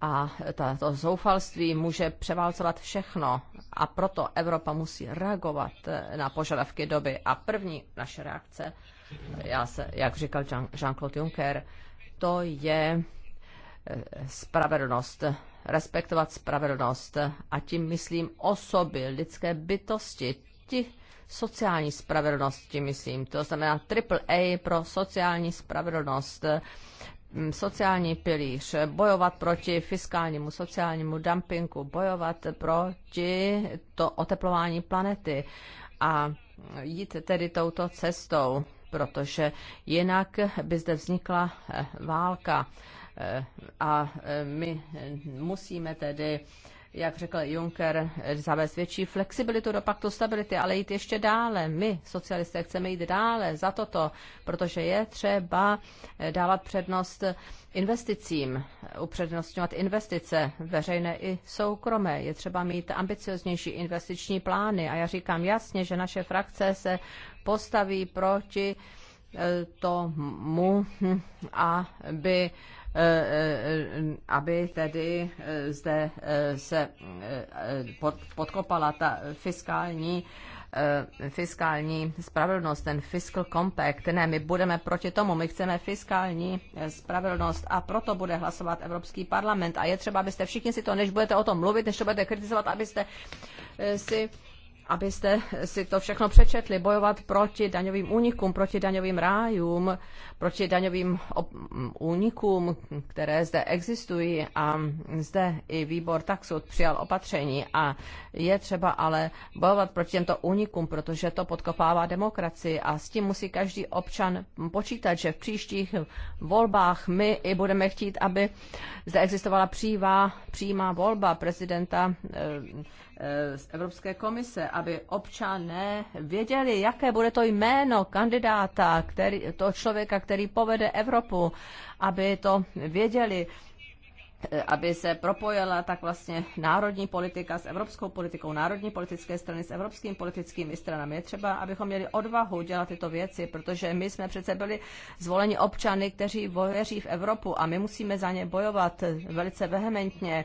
a to zoufalství může převálcovat všechno. A proto Evropa musí reagovat eh, na požadavky doby. A první naše reakce, já se, jak říkal Jean-Claude Juncker, to je eh, spravedlnost, respektovat spravedlnost a tím myslím osoby, lidské bytosti, ti sociální tím myslím. To znamená triple A pro sociální spravedlnost, mm, sociální pilíř, bojovat proti fiskálnímu sociálnímu dumpingu, bojovat proti to oteplování planety a jít tedy touto cestou protože jinak by zde vznikla eh, válka. Eh, a eh, my musíme tedy jak řekl Juncker, zavést větší flexibilitu do paktu stability, ale jít ještě dále. My, socialisté, chceme jít dále za toto, protože je třeba dávat přednost investicím, upřednostňovat investice, veřejné i soukromé. Je třeba mít ambicioznější investiční plány a já říkám jasně, že naše frakce se postaví proti eh, tomu, hm, aby, eh, eh, aby tedy zde se podkopala ta fiskální fiskální spravedlnost, ten fiscal compact. Ne, my budeme proti tomu, my chceme fiskální spravedlnost a proto bude hlasovat Evropský parlament. A je třeba, abyste všichni si to, než budete o tom mluvit, než to budete kritizovat, abyste si abyste si to všechno přečetli, bojovat proti daňovým únikům, proti daňovým rájům, proti daňovým únikům, které zde existují a zde i výbor taxud přijal opatření a je třeba ale bojovat proti těmto únikům, protože to podkopává demokracii a s tím musí každý občan počítat, že v příštích volbách my i budeme chtít, aby zde existovala přívá, přímá volba prezidenta eh, Eh, z Evropské komise, aby občané věděli, jaké bude to jméno kandidáta, který, toho člověka, který povede Evropu, aby to věděli Eh, aby se propojila tak vlastně národní politika s evropskou politikou, národní politické strany s evropskými politickými stranami. Je třeba, abychom měli odvahu dělat tyto věci, protože my jsme přece byli zvoleni občany, kteří věří v Evropu a my musíme za ně bojovat velice vehementně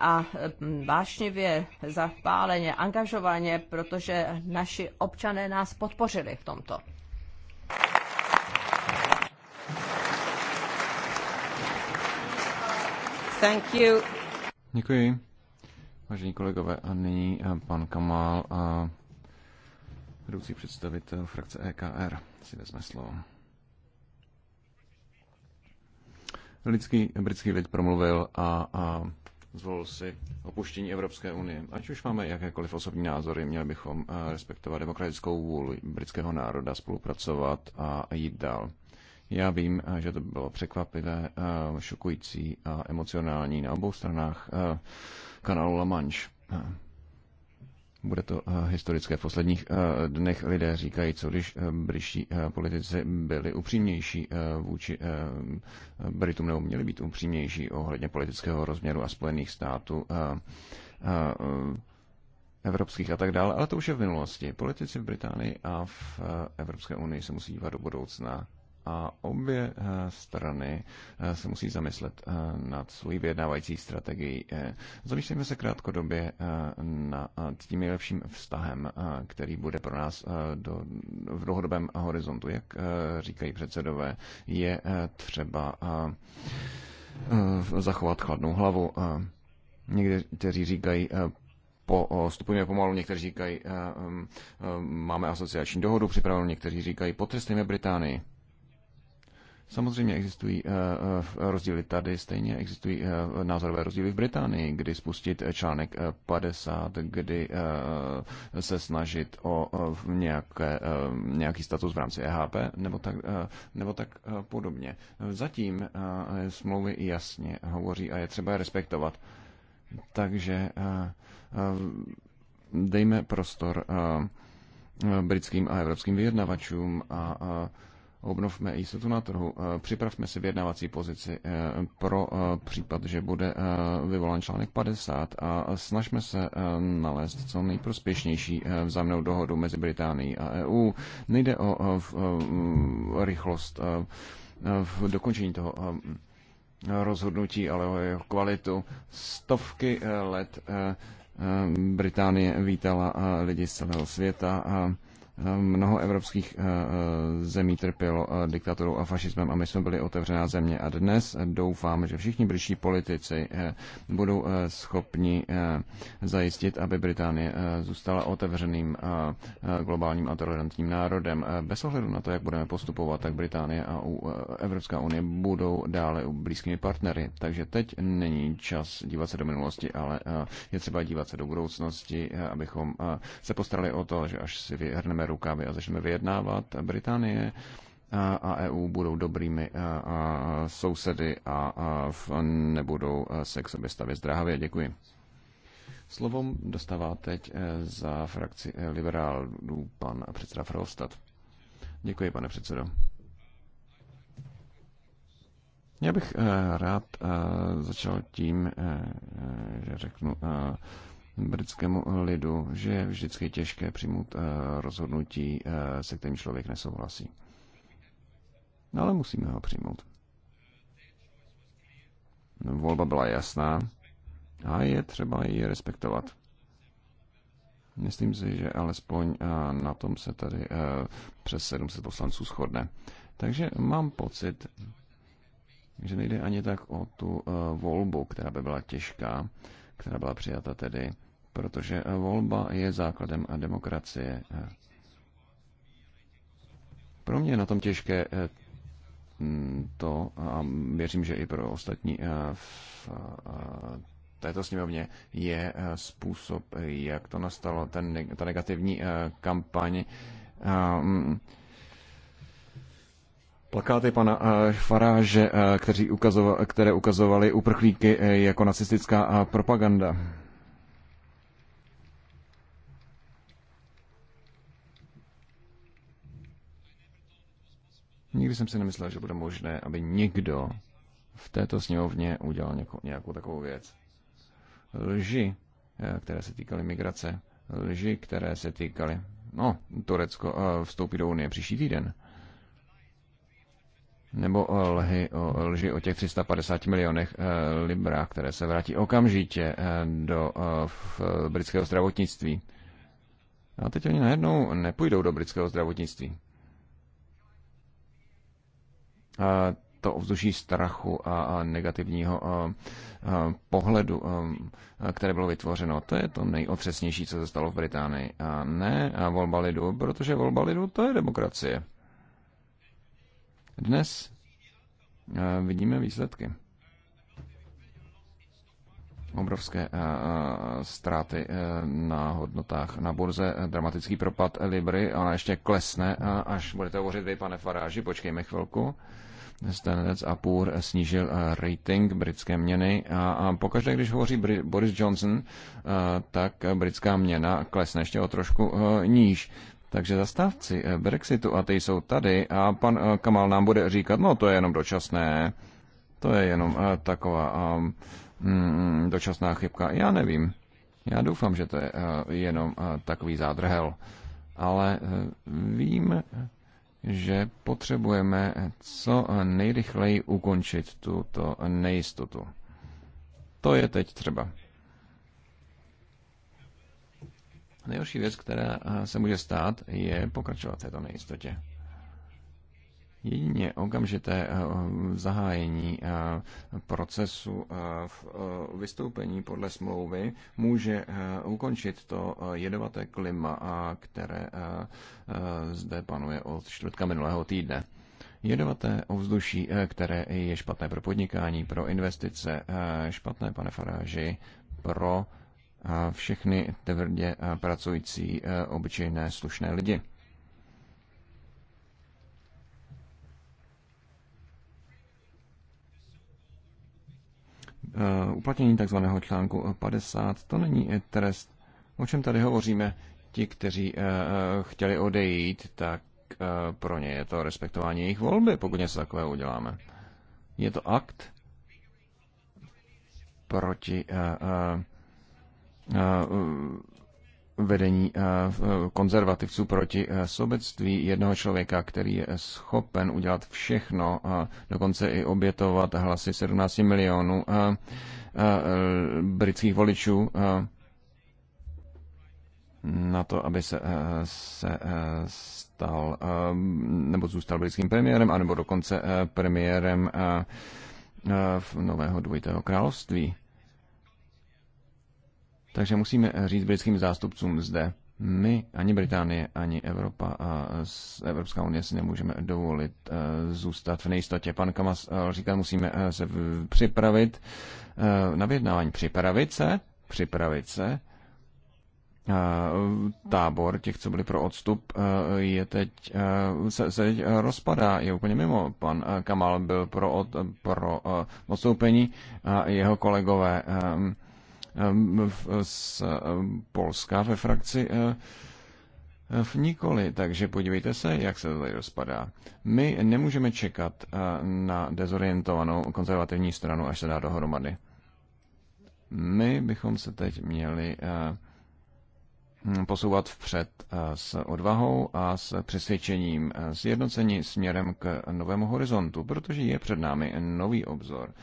a mm, vášnivě, zapáleně, angažovaně, protože naši občané nás podpořili v tomto. Děkuji. Vážení kolegové, a nyní eh, pan Kamal a eh, vedoucí představitel frakce EKR si vezme slovo. Lidský, britský lid promluvil a, a zvolil si opuštění Evropské unie. Ať už máme jakékoliv osobní názory, měli bychom eh, respektovat demokratickou vůli britského národa, spolupracovat a jít dál. Já vím, eh, že to bylo překvapivé, eh, šokující a emocionální na obou stranách eh, kanálu La Manche. Bude to historické. V posledních dnech lidé říkají, co když britští politici byli upřímnější vůči Britům, nebo měli být upřímnější ohledně politického rozměru a Spojených států evropských a tak dále, ale to už je v minulosti. Politici v Británii a v Evropské unii se musí dívat do budoucna a obě eh, strany eh, se musí zamyslet eh, nad svou vyjednávající strategií. Zamýšlejme se krátkodobě nad tím nejlepším vztahem, který bude pro nás do, v dlouhodobém horizontu. Jak říkají předsedové, je třeba zachovat chladnou hlavu. Někteří říkají po, stupujeme pomalu, někteří říkají, máme asociační dohodu připravenou, někteří říkají, potrestejme Británii. Samozřejmě existují eh, eh, rozdíly tady, stejně existují eh, názorové rozdíly v Británii, kdy spustit článek 50, kdy se snažit o nějaké, nějaký status v rámci EHP nebo tak, nebo tak podobně. Zatím smlouvy jasně hovoří a je třeba je respektovat. Takže dejme prostor britským a evropským vyjednavačům a, a obnovme jistotu na trhu, eh, připravme si vyjednávací pozici eh, pro eh, případ, že bude vyvolán článek 50 a snažme se nalézt co nejprospěšnější vzájemnou dohodu mezi Británií a EU. Nejde o rychlost v dokončení toho rozhodnutí, ale o jeho kvalitu. Stovky let Británie vítala lidi z celého světa a Mnoho evropských eh, eh, zemí trpělo eh, diktaturou a fašismem a my jsme byli otevřená země. A dnes doufám, že všichni britští politici budou schopni zajistit, aby Británie zůstala otevřeným globálním a tolerantním národem. Bez ohledu na to, jak budeme postupovat, tak Británie a Evropská unie budou dále blízkými partnery. Takže teď není čas dívat se do minulosti, ale je třeba dívat se do budoucnosti, abychom se postarali o to, že až si vyhrneme zatáhneme rukávy a začneme vyjednávat. Británie a EU budou dobrými sousedy a nebudou se k sobě stavět zdráhavě. Děkuji. Slovo dostává teď e, za frakci e, liberálů pan předseda Frostat. Děkuji, pane předsedo. Já bych e, rád začal tím, že řeknu britskému lidu, že je vždycky těžké přijmout eh, rozhodnutí, eh, se kterým člověk nesouhlasí. Ale musíme ho přijmout. Volba byla jasná a je třeba ji respektovat. Myslím si, že alespoň eh, na tom se tady přes 700 poslanců shodne. Takže mám pocit, že nejde ani tak o tu volbu, která by byla těžká, která byla přijata tedy protože volba je základem demokracie. Pro mě na tom těžké eh, to, a věřím, že i pro ostatní eh, v eh, této sněmovně, je způsob, jak to nastalo, ten, ta negativní kampaň mm, plakáty pana Faráže, kteří ukazovali, které ukazovaly uprchlíky jako nacistická propaganda. Nikdy jsem si nemyslel, že bude možné, aby někdo v této sněmovně udělal něko, nějakou takovou věc. Lži, eh, které se týkaly migrace, lži, které se týkaly. No, Turecko eh, vstoupí do Unie příští týden. Nebo eh, lhy, o, lži o těch 350 milionech libra, které se vrátí okamžitě do v britského zdravotnictví. A teď oni najednou nepůjdou do britského zdravotnictví to ovzduší strachu a negativního pohledu, které bylo vytvořeno. To je to nejotřesnější, co se stalo v Británii. A ne a volba lidu, protože volba lidu to je demokracie. Dnes vidíme výsledky. Obrovské ztráty e, na hodnotách na burze, e, dramatický propad Libry, ona ještě klesne, až budete hovořit vy, pane Faráži, počkejme chvilku. Standard a Poor snížil eh, rating britské měny a pokaždé, když hovoří Boris Johnson, eh, tak britská měna klesne ještě o trošku eh, níž. Takže zastávci Brexitu a ty jsou tady a pan Kamal nám bude říkat, no to je jenom dočasné, to je jenom taková mm, dočasná chybka. Já nevím. Já doufám, že to je jenom takový zádrhel. Ale vím, že potřebujeme co nejrychleji ukončit tuto nejistotu. To je teď třeba. Nejhorší věc, která se může stát, je pokračovat této nejistotě. Jedině okamžité eh, zahájení eh, procesu eh, v vystoupení podle smlouvy může ukončit to jedovaté klima, které zde panuje od čtvrtka minulého týdne. Jedovaté ovzduší, které je špatné pro podnikání, pro investice, špatné, pane Faráži, pro všechny tvrdě pracující obyčejné slušné lidi. Eh, uplatnění takzvaného článku 50, to není trest. O čem tady hovoříme? Ti, kteří eh, eh, chtěli odejít, tak pro ně je to respektování jejich volby, pokud něco takového uděláme. Je to akt proti vedení eh, eh, konzervativců proti eh, sobectví jednoho člověka, který je schopen udělat všechno, dokonce i obětovat hlasy 17 milionů britských voličů na to, aby se, se stal nebo zůstal britským premiérem, anebo dokonce premiérem nového dvojitého království. Takže musíme říct britským zástupcům zde, my, ani Británie, ani Evropa a Evropská unie si nemůžeme dovolit eh, zůstat v nejistotě. Pan Kamas eh, říká, musíme eh, se připravit na vyjednávání. Připravit se, připravit se. Tábor těch, co byli pro odstup, je teď, se, se teď rozpadá, je úplně mimo. Pan Kamal byl pro, od, pro odstoupení a jeho kolegové z ehm, ehm, Polska ve frakci eh, eh, v nikoli, takže podívejte se, jak se to tady rozpadá. My nemůžeme čekat eh, na dezorientovanou konzervativní stranu, až se dá dohromady. My bychom se teď měli hm, posouvat vpřed s odvahou a s přesvědčením, sjednocení směrem k novému horizontu, protože je před námi nový obzor,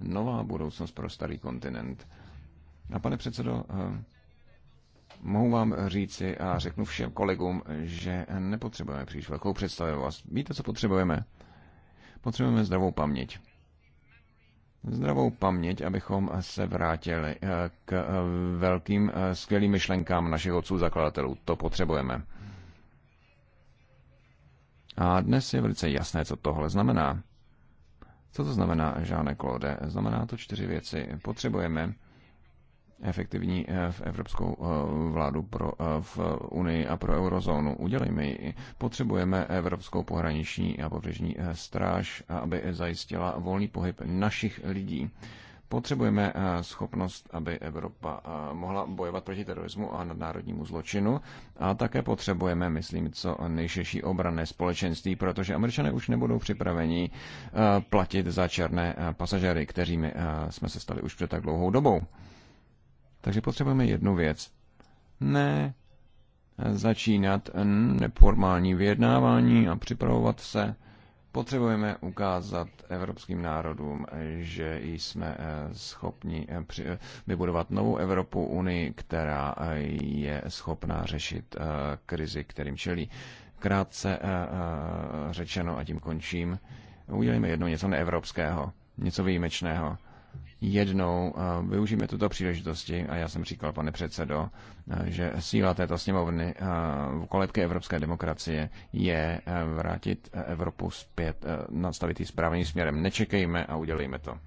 nová budoucnost pro starý kontinent. A pane předsedo, eh, mohu vám říci a řeknu všem kolegům, že nepotřebujeme příliš velkou představivost. Víte, co potřebujeme? Potřebujeme zdravou paměť. Zdravou paměť, abychom se vrátili eh, k eh, velkým skvělým myšlenkám našich otců zakladatelů. To potřebujeme. A dnes je velice jasné, co tohle znamená. Co to znamená, Žáne Klode? Znamená to čtyři věci. Potřebujeme efektivní eh, v evropskou eh, vládu pro, eh, v Unii a pro eurozónu. Udělejme ji. Potřebujeme evropskou pohraniční a pobřežní stráž, aby zajistila volný pohyb našich lidí. Potřebujeme schopnost, aby Evropa mohla bojovat proti terorismu a nadnárodnímu zločinu a také potřebujeme, myslím, co nejšeší obrané společenství, protože američané už nebudou připraveni platit za černé pasažery, kterými jsme se stali už před tak dlouhou dobou. Takže potřebujeme jednu věc. Ne začínat neformální vyjednávání a připravovat se. Potřebujeme ukázat evropským národům, že jsme eh, schopni eh, eh, vybudovat novou Evropu Unii, která je schopná řešit krizi, kterým čelí. Krátce řečeno, a tím končím, udělejme jedno něco neevropského, něco výjimečného jednou využijeme tuto příležitosti, a já jsem říkal, pane předsedo, že síla této sněmovny v kolebky evropské demokracie je vrátit Evropu zpět, nastavit ji správným směrem. Nečekejme a udělejme to.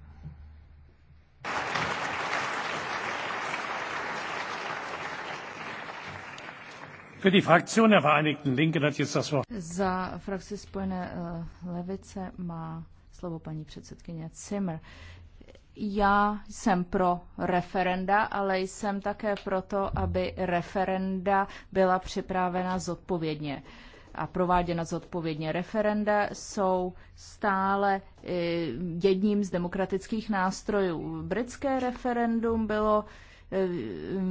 Za frakci Spojené eh, levice má slovo paní předsedkyně Zimmer. Já jsem pro referenda, ale jsem také proto, aby referenda byla připravena zodpovědně a prováděna zodpovědně. Referenda jsou stále eh, jedním z demokratických nástrojů. Britské referendum bylo eh,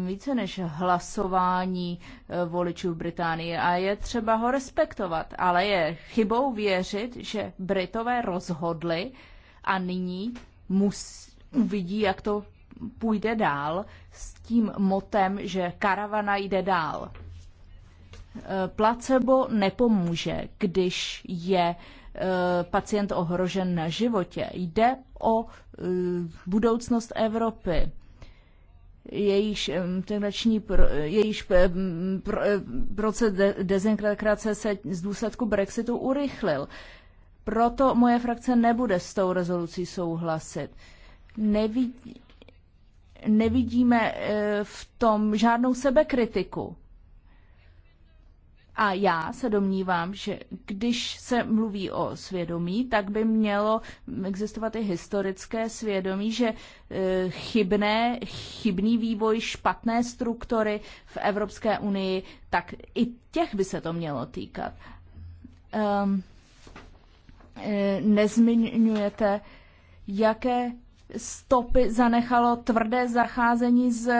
více než hlasování eh, voličů v Británii a je třeba ho respektovat, ale je chybou věřit, že Britové rozhodli a nyní mus, uvidí, jak to půjde dál s tím motem, že karavana jde dál. E, placebo nepomůže, když je e, pacient ohrožen na životě. Jde o e, budoucnost Evropy. Jejíž, integrační pro, jejíž proces dezinkrace se z důsledku Brexitu urychlil. Proto moje frakce nebude s tou rezolucí souhlasit. Uh, nevidí, nevidíme eh, v tom žádnou sebekritiku. A já se domnívám, že když se mluví o svědomí, tak by mělo existovat i historické svědomí, že eh, chybné, chybný vývoj, špatné struktury v Evropské unii, tak i těch by se to mělo týkat. Um, nezmiňujete, jaké stopy zanechalo tvrdé zacházení s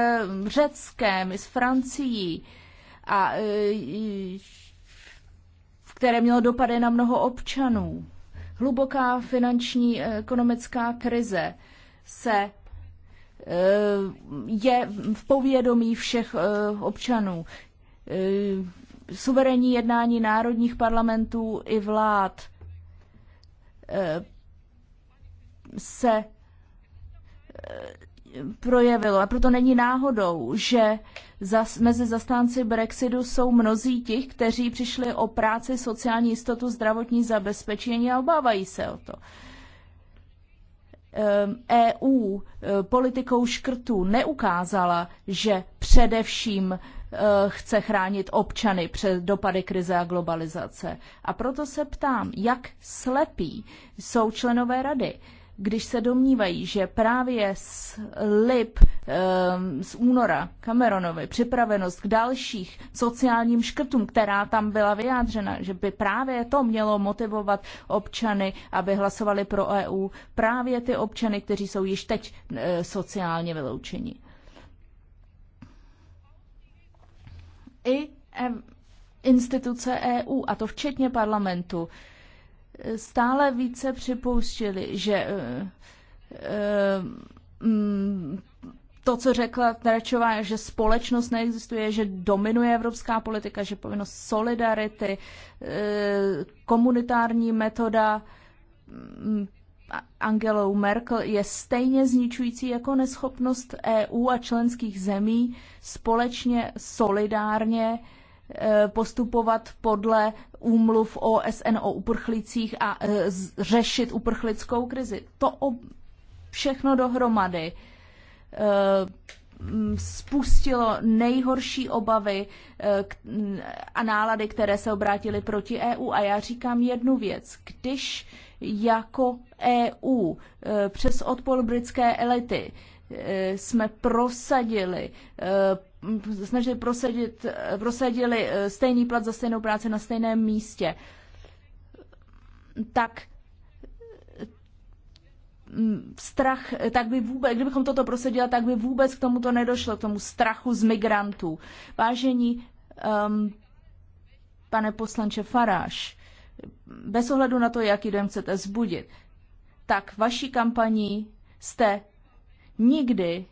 Řeckem, s Francií, a, e, které mělo dopady na mnoho občanů. Hluboká finanční e, ekonomická krize se e, je v povědomí všech občanů. Suverénní jednání národních parlamentů i vlád se projevilo. A proto není náhodou, že zas, mezi zastánci Brexitu jsou mnozí těch, kteří přišli o práci, sociální jistotu, zdravotní zabezpečení a obávají se o to. EU ehm, e e, politikou škrtů neukázala, že především e, chce chránit občany před dopady krize a globalizace. A proto se ptám, jak slepí jsou členové rady když se domnívají, že právě s um, z února Cameronovi, připravenost k dalších sociálním škrtům, která tam byla vyjádřena, že by právě to mělo motivovat občany, aby hlasovali pro EU, právě ty občany, kteří jsou již teď e, sociálně vyloučeni. I instituce EU, a to včetně parlamentu, stále více připouštěli, že eh, eh, mm, to, co řekla Terečová, že společnost neexistuje, že dominuje evropská politika, že povinnost solidarity, eh, komunitární metoda mm, Angelou Merkel je stejně zničující jako neschopnost EU a členských zemí společně solidárně Eh, postupovat podle úmluv OSN o uprchlících a eh, řešit uprchlickou krizi. To všechno dohromady eh, spustilo nejhorší obavy a nálady, které se obrátily proti EU. A já říkám jednu věc. Když jako EU přes odpol britské elity jsme prosadili snažili prosadit, prosadili eh, stejný plat za stejnou práci na stejném místě, tak mm, strach, tak by vůbec, kdybychom toto prosadili, tak by vůbec k tomuto nedošlo, k tomu strachu z migrantů. Vážení, um, pane poslanče Faráš, bez ohledu na to, jaký den chcete zbudit, tak vaší kampaní jste nikdy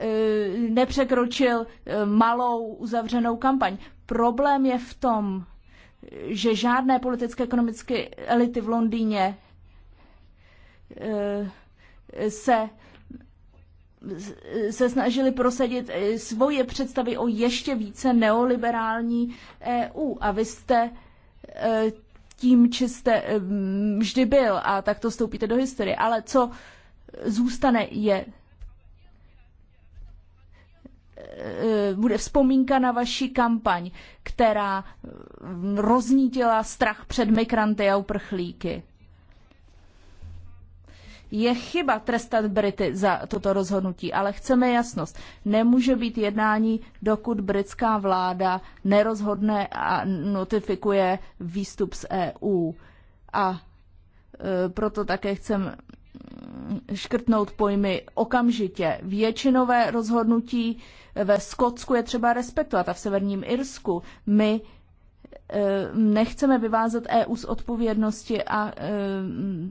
Eh, nepřekročil eh, malou uzavřenou kampaň. Problém je v tom, že žádné politické ekonomické elity v Londýně eh, se se snažili prosadit svoje představy o ještě více neoliberální EU. A vy jste tím, či jste vždy byl a tak to vstoupíte do historie. Ale co zůstane, je Eh, bude vzpomínka na vaši kampaň, která mm, roznítila strach před migranty a uprchlíky. Je chyba trestat Brity za toto rozhodnutí, ale chceme jasnost. Nemůže být jednání, dokud britská vláda nerozhodne a notifikuje výstup z EU. A eh, proto také chceme škrtnout pojmy okamžitě. Většinové rozhodnutí ve Skotsku je třeba respektovat a v severním Irsku. My eh, nechceme vyvázat EU z odpovědnosti a eh,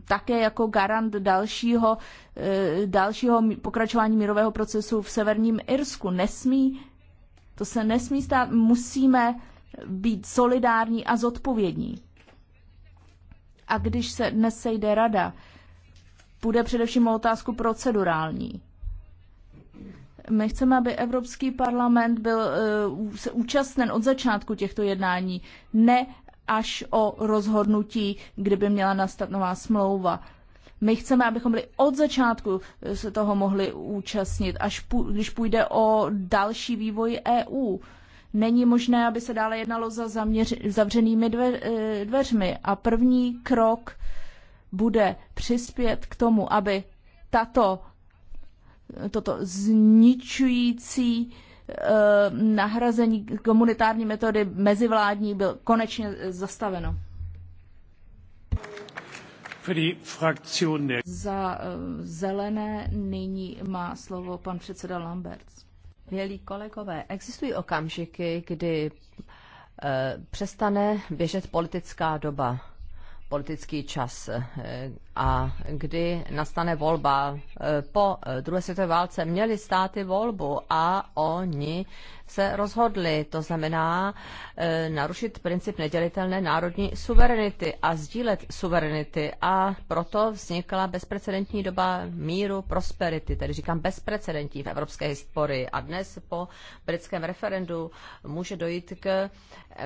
také jako garant dalšího, eh, dalšího pokračování mírového procesu v severním Irsku. Nesmí, to se nesmí stát, musíme být solidární a zodpovědní. A když se dnes sejde rada, Půjde především o otázku procedurální. My chceme, aby Evropský parlament byl eh, se účastnen od začátku těchto jednání, ne až o rozhodnutí, kdyby měla nastat nová smlouva. My chceme, abychom byli od začátku eh, se toho mohli účastnit, až když půjde o další vývoj EU. Není možné, aby se dále jednalo za zaměř, zavřenými dve, eh, dveřmi. A první krok bude přispět k tomu, aby tato toto zničující eh, nahrazení komunitární metody mezivládní byl konečně zastaveno. Za eh, zelené nyní má slovo pan předseda Lamberts. Milí kolegové, existují okamžiky, kdy eh, přestane běžet politická doba politický čas, eh, a kdy nastane volba. Eh, po eh, druhé světové válce měli státy volbu a oni se rozhodli, to znamená eh, narušit princip nedělitelné národní suverenity a sdílet suverenity a proto vznikla bezprecedentní doba míru prosperity, tedy říkám bezprecedentní v evropské historii a dnes po britském referendu může dojít k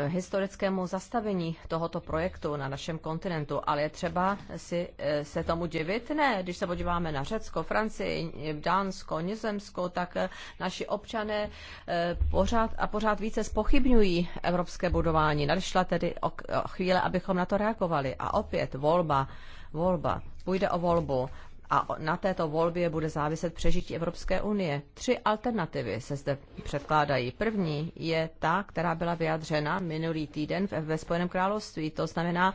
historickému zastavení tohoto projektu na našem kontinentu, ale je třeba si se tomu divit? Ne, když se podíváme na Řecko, Francii, Dánsko, Nizemsko, tak eh, naši občané eh, pořád a pořád více spochybňují evropské budování. Nadešla tedy o chvíle, abychom na to reagovali. A opět volba, volba, půjde o volbu. A na této volbě bude záviset přežití Evropské unie. Tři alternativy se zde předkládají. První je ta, která byla vyjadřena minulý týden ve Spojeném království. To znamená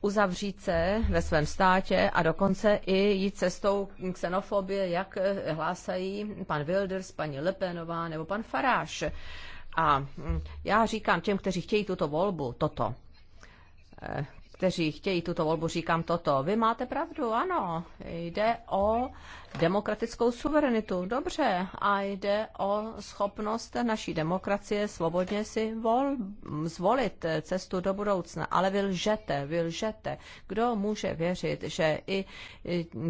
uzavřít se ve svém státě a dokonce i jít cestou xenofobie, jak eh, hlásají pan Wilders, paní Lepenová nebo pan Faráš. A hm, já říkám těm, kteří chtějí tuto volbu, toto eh, kteří chtějí tuto volbu, říkám toto. Vy máte pravdu, ano. Jde o demokratickou suverenitu, dobře. A jde o schopnost naší demokracie svobodně si vol, zvolit cestu do budoucna. Ale vy lžete, vy lžete. Kdo může věřit, že i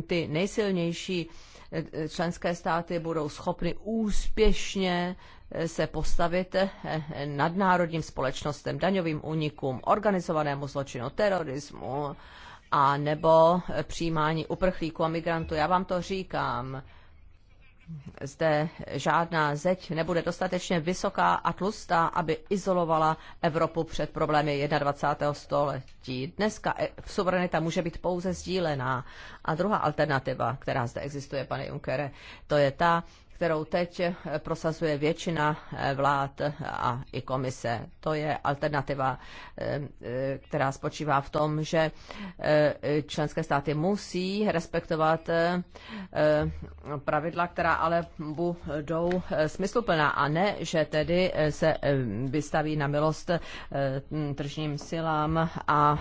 ty nejsilnější členské státy budou schopny úspěšně se postavit eh, nadnárodním společnostem, daňovým únikům, organizovanému zločinu, terorismu a nebo eh, přijímání uprchlíků a migrantů. Já vám to říkám. Zde žádná zeď nebude dostatečně vysoká a tlustá, aby izolovala Evropu před problémy 21. století. Dneska e, suverenita může být pouze sdílená. A druhá alternativa, která zde existuje, pane Junckere, to je ta, kterou teď eh, prosazuje většina eh, vlád eh, a i komise. To je alternativa, která spočívá v tom, že členské státy musí respektovat pravidla, která ale budou smysluplná a ne, že tedy se vystaví na milost tržním silám a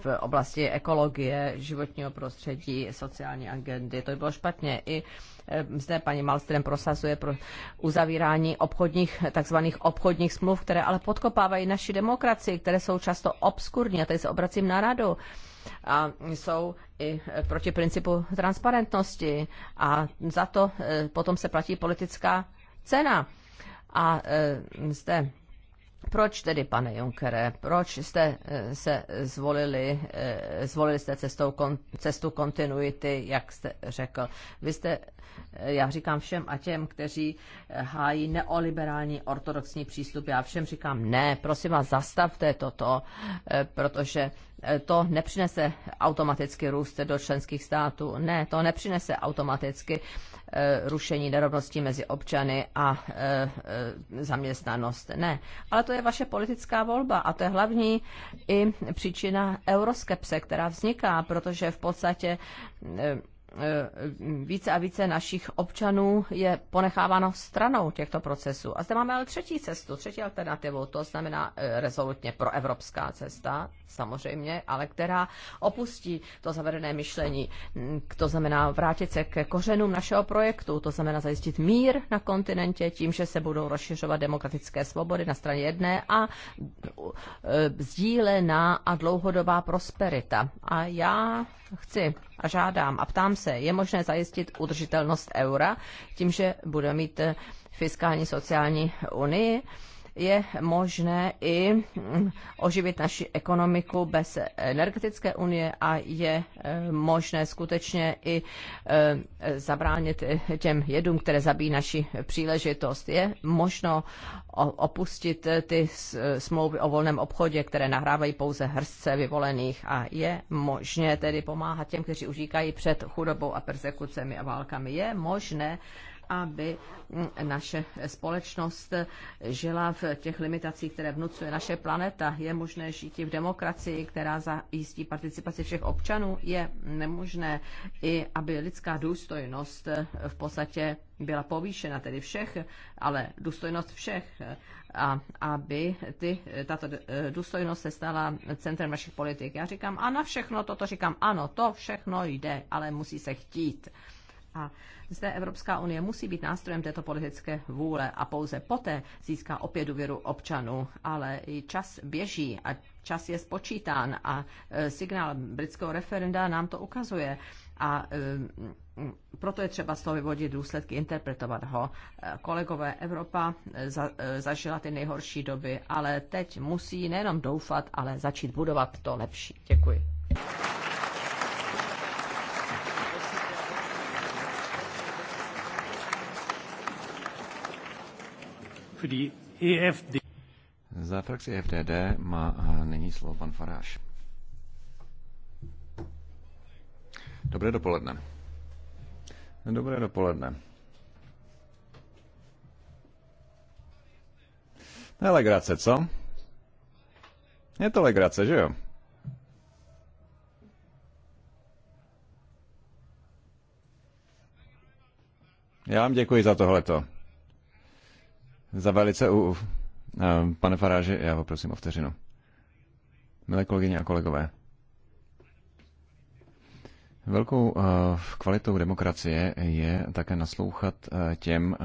v oblasti ekologie, životního prostředí, sociální agendy. To by bylo špatně. I Eh, zde paní Malstrem prosazuje pro uzavírání obchodních, takzvaných obchodních smluv, které ale podkopávají naši demokracii, které jsou často obskurní. A tady se obracím na radu a jsou i eh, proti principu transparentnosti a za to eh, potom se platí politická cena. A zde proč tedy, pane Junkere, proč jste eh, se zvolili, eh, zvolili jste cestou, cestu kontinuity, jak jste řekl? Vy jste, eh, já říkám všem a těm, kteří hájí neoliberální ortodoxní přístup, já všem říkám ne, prosím vás, zastavte toto, protože to nepřinese automaticky růst do členských států. Ne, to nepřinese automaticky eh, rušení nerovností mezi občany a eh, eh, zaměstnanost. Ne. Ale to je vaše politická volba a to je hlavní i příčina euroskepse, která vzniká, protože v podstatě Eh, více a více našich občanů je ponecháváno stranou těchto procesů. A zde máme ale třetí cestu, třetí alternativu, to znamená eh, rezolutně proevropská cesta, samozřejmě, ale která opustí to zavedené myšlení. Mm, to znamená vrátit se ke kořenům našeho projektu, to znamená zajistit mír na kontinentě tím, že se budou rozšiřovat demokratické svobody na straně jedné a eh, sdílená a dlouhodobá prosperita. A já chci a žádám a ptám se, je možné zajistit udržitelnost eura tím, že bude mít fiskální sociální unii? je možné i mm, oživit naši ekonomiku bez energetické unie a je eh, možné skutečně i eh, zabránit těm jedům, které zabíjí naši příležitost. Je možno opustit ty smlouvy o volném obchodě, které nahrávají pouze hrstce vyvolených a je možné tedy pomáhat těm, kteří užíkají před chudobou a persekucemi a válkami. Je možné aby mm, naše společnost žila v těch limitacích, které vnucuje naše planeta. Je možné žít i v demokracii, která zajistí participaci všech občanů? Je nemožné i, aby lidská důstojnost v podstatě byla povýšena, tedy všech, ale důstojnost všech, a aby ty, tato e, důstojnost se stala centrem našich politik. Já říkám, a na všechno toto říkám, ano, to všechno jde, ale musí se chtít. A zde Evropská unie musí být nástrojem této politické vůle a pouze poté získá opět důvěru občanů, ale i čas běží a čas je spočítán a e, signál britského referenda nám to ukazuje. A e, proto je třeba z toho vyvodit důsledky, interpretovat ho. E, kolegové, Evropa za, zažila ty nejhorší doby, ale teď musí nejenom doufat, ale začít budovat to lepší. Děkuji. für die EFD. Za frakci FDD má eh, nyní slovo pan Faráš. Dobré dopoledne. Dobré dopoledne. To je legrace, co? Je to legrace, že jo? Já vám děkuji za tohleto za velice u... Eh, pane Faráži, já poprosím o vteřinu. Milé kolegyně a kolegové, Velkou eh, kvalitou demokracie je také naslouchat eh, těm,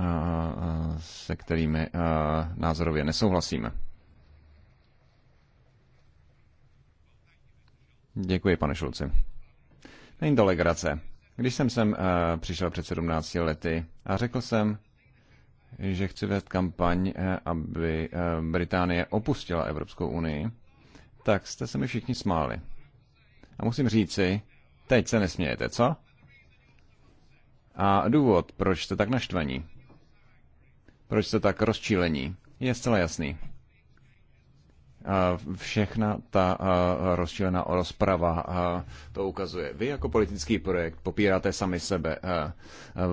se kterými názorově nesouhlasíme. Děkuji, pane Šulci. Není to legrace. Když jsem sem přišel před 17 lety a řekl jsem, že chci vést kampaň, eh, aby eh, Británie opustila Evropskou unii, tak jste se mi všichni smáli. A musím říci, teď se nesmějete, co? A důvod, proč jste tak naštvaní, proč jste tak rozčílení, je zcela jasný. Všechna ta eh, rozčílená rozprava to ukazuje. Vy jako politický projekt popíráte sami sebe.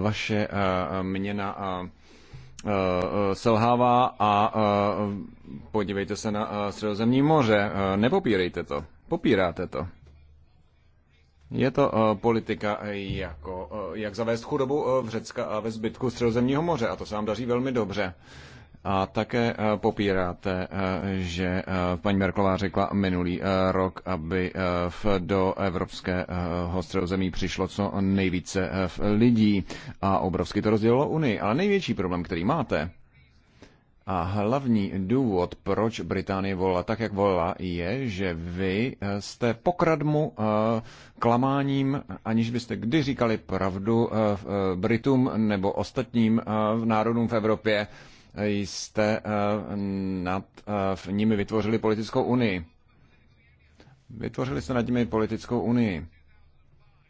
Vaše měna Eh, eh, selhává a eh, podívejte se na Středozemní moře. Nepopírejte to. Popíráte to. Je to politika, jako, jak zavést chudobu v Řecka a ve zbytku Středozemního moře a to se vám daří velmi dobře. A také eh, popíráte, eh, že eh, paní Merklová řekla minulý rok, aby do evropského středozemí přišlo co nejvíce lidí a obrovsky to rozdělilo Unii. Ale největší problém, který máte, a hlavní důvod, proč Británie volila tak, jak volila, je, že vy jste pokradmu klamáním, aniž byste kdy říkali pravdu Britům nebo ostatním národům v Evropě, jste eh, nad eh, v nimi vytvořili politickou unii. Vytvořili jste nad nimi politickou unii.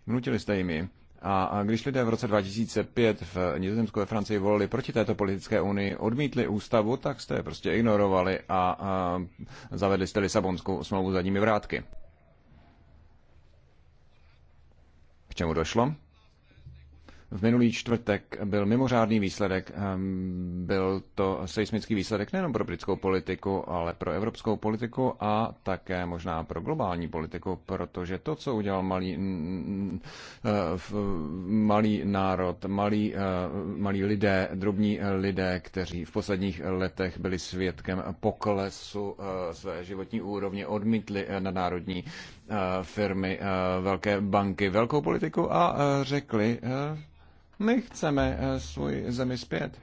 Vnutili jste jimi. A když lidé v roce 2005 v Nizozemsku ve Francii volili proti této politické unii, odmítli ústavu, tak jste je prostě ignorovali a, a zavedli jste Lisabonskou smlouvu zadními vrátky. K čemu došlo? V minulý čtvrtek byl mimořádný výsledek. Ehm, byl to seismický výsledek nejen pro britskou politiku, ale pro evropskou politiku a také možná pro globální politiku, protože to, co udělal malý, eh, malý národ, malí, eh, malí lidé, drobní lidé, kteří v posledních letech byli svědkem poklesu eh, své životní úrovně, odmítli na národní firmy, velké banky, velkou politiku a řekli, my chceme eh, svůj zemi zpět.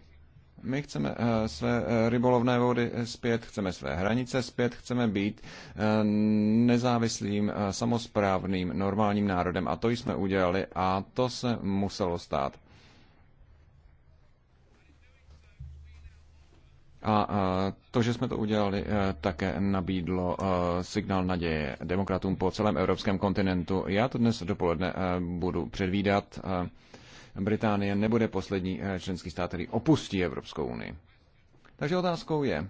My chceme eh, své eh, rybolovné vody zpět, chceme své hranice zpět, chceme být nezávislým, samozprávným, normálním národem. A to jsme udělali a to se muselo stát. A to, že jsme to udělali, také nabídlo signál naděje demokratům po celém evropském kontinentu. Já to dnes dopoledne budu předvídat. Británie nebude poslední eh, členský stát, který opustí Evropskou unii. Takže otázkou je,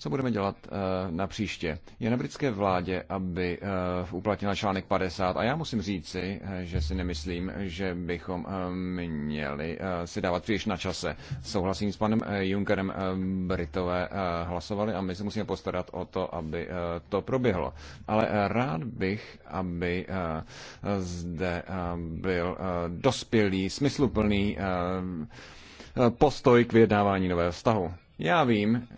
co budeme dělat eh, na příště? Je na britské vládě, aby eh, uplatnila článek 50 a já musím říci, eh, že si nemyslím, že bychom měli si dávat příliš na čase. Souhlasím s panem Junckerem, Britové hlasovali a my se musíme postarat o to, aby to proběhlo. Ale rád bych, aby zde byl dospělý, smysluplný postoj k vyjednávání nového vztahu. Já vím,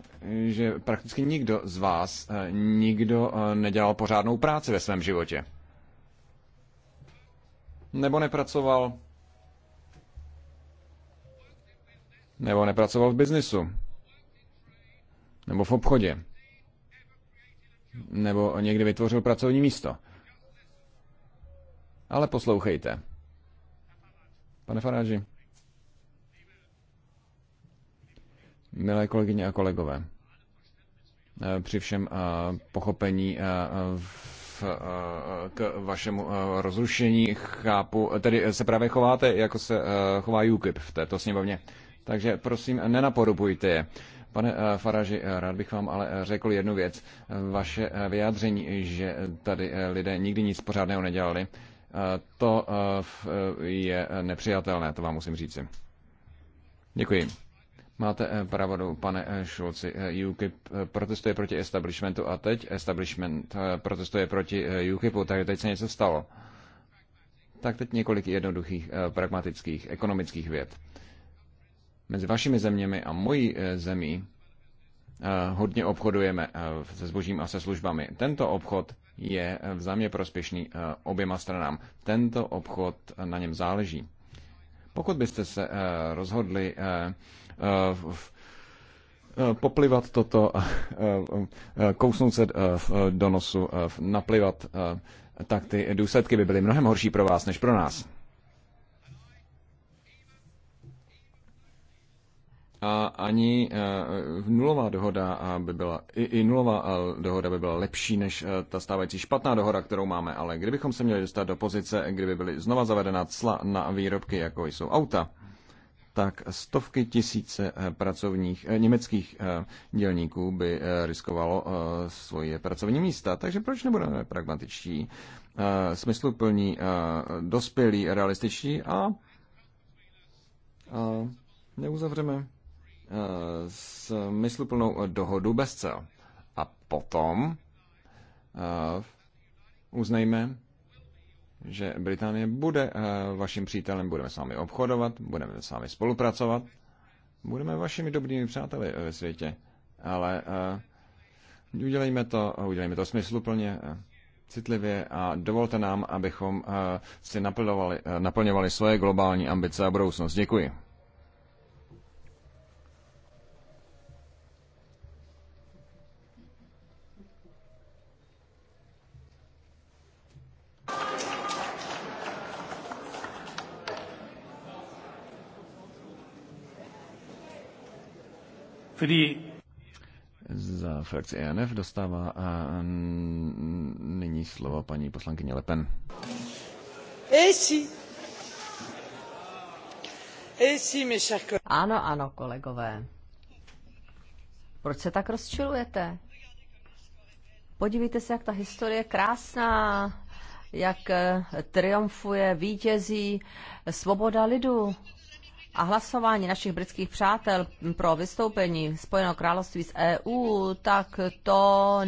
že prakticky nikdo z vás eh, nikdo eh, nedělal pořádnou práci ve svém životě. Nebo nepracoval. Nebo nepracoval v biznisu. Nebo v obchodě. Nebo někdy vytvořil pracovní místo. Ale poslouchejte. Pane Faráži. Milé kolegyně a kolegové, eh, při všem eh, pochopení eh, v, k vašemu rozrušení chápu, tedy se právě chováte, jako se chová UKIP v této sněmovně. Takže prosím, nenapodobujte je. Pane Faraži, rád bych vám ale řekl jednu věc. Vaše vyjádření, že tady lidé nikdy nic pořádného nedělali, to je nepřijatelné, to vám musím říci. Děkuji. Máte eh, pravdu, pane eh, Šulci. Eh, UKIP protestuje proti establishmentu a teď establishment protestuje proti UKIPu, takže teď se něco stalo. Tak teď několik jednoduchých, pragmatických, ekonomických věd. Mezi vašimi zeměmi a mojí zemí hodně obchodujeme se zbožím a se službami. Tento obchod je vzájemně prospěšný oběma stranám. Tento obchod na něm záleží. Pokud byste se rozhodli Eh, eh, poplivat toto, eh, kousnout se do nosu, naplivat, tak ty důsledky by byly mnohem horší pro vás než pro nás. A ani nulová dohoda by byla, i, i nulová dohoda by byla lepší než ta stávající špatná dohoda, kterou máme, ale kdybychom se měli dostat do pozice, kdyby byly znova zavedena cla na výrobky, jako jsou auta, tak stovky tisíce eh, pracovních eh, německých eh, dělníků by riskovalo svoje pracovní místa. Takže proč nebudeme pragmatičtí, smysluplní, dospělí, realističtí a, a neuzavřeme smysluplnou dohodu bez cel. A potom uznejme, že Británie bude eh, vaším přítelem, budeme s vámi obchodovat, budeme s vámi spolupracovat, budeme vašimi dobrými přáteli eh, ve světě, ale eh, udělejme to, udělejme to smysluplně, citlivě a dovolte nám, abychom si naplňovali, naplňovali svoje globální ambice a budoucnost. Děkuji. Za frakci ENF dostává a nyní slovo paní poslankyně Lepen. Esi. Eh, eh, ano, ano, kolegové. Proč se tak rozčilujete? Podívejte se, jak ta historie je krásná, jak eh, triumfuje, vítězí svoboda lidu a hlasování našich britských přátel pro vystoupení Spojeného království z EU, tak to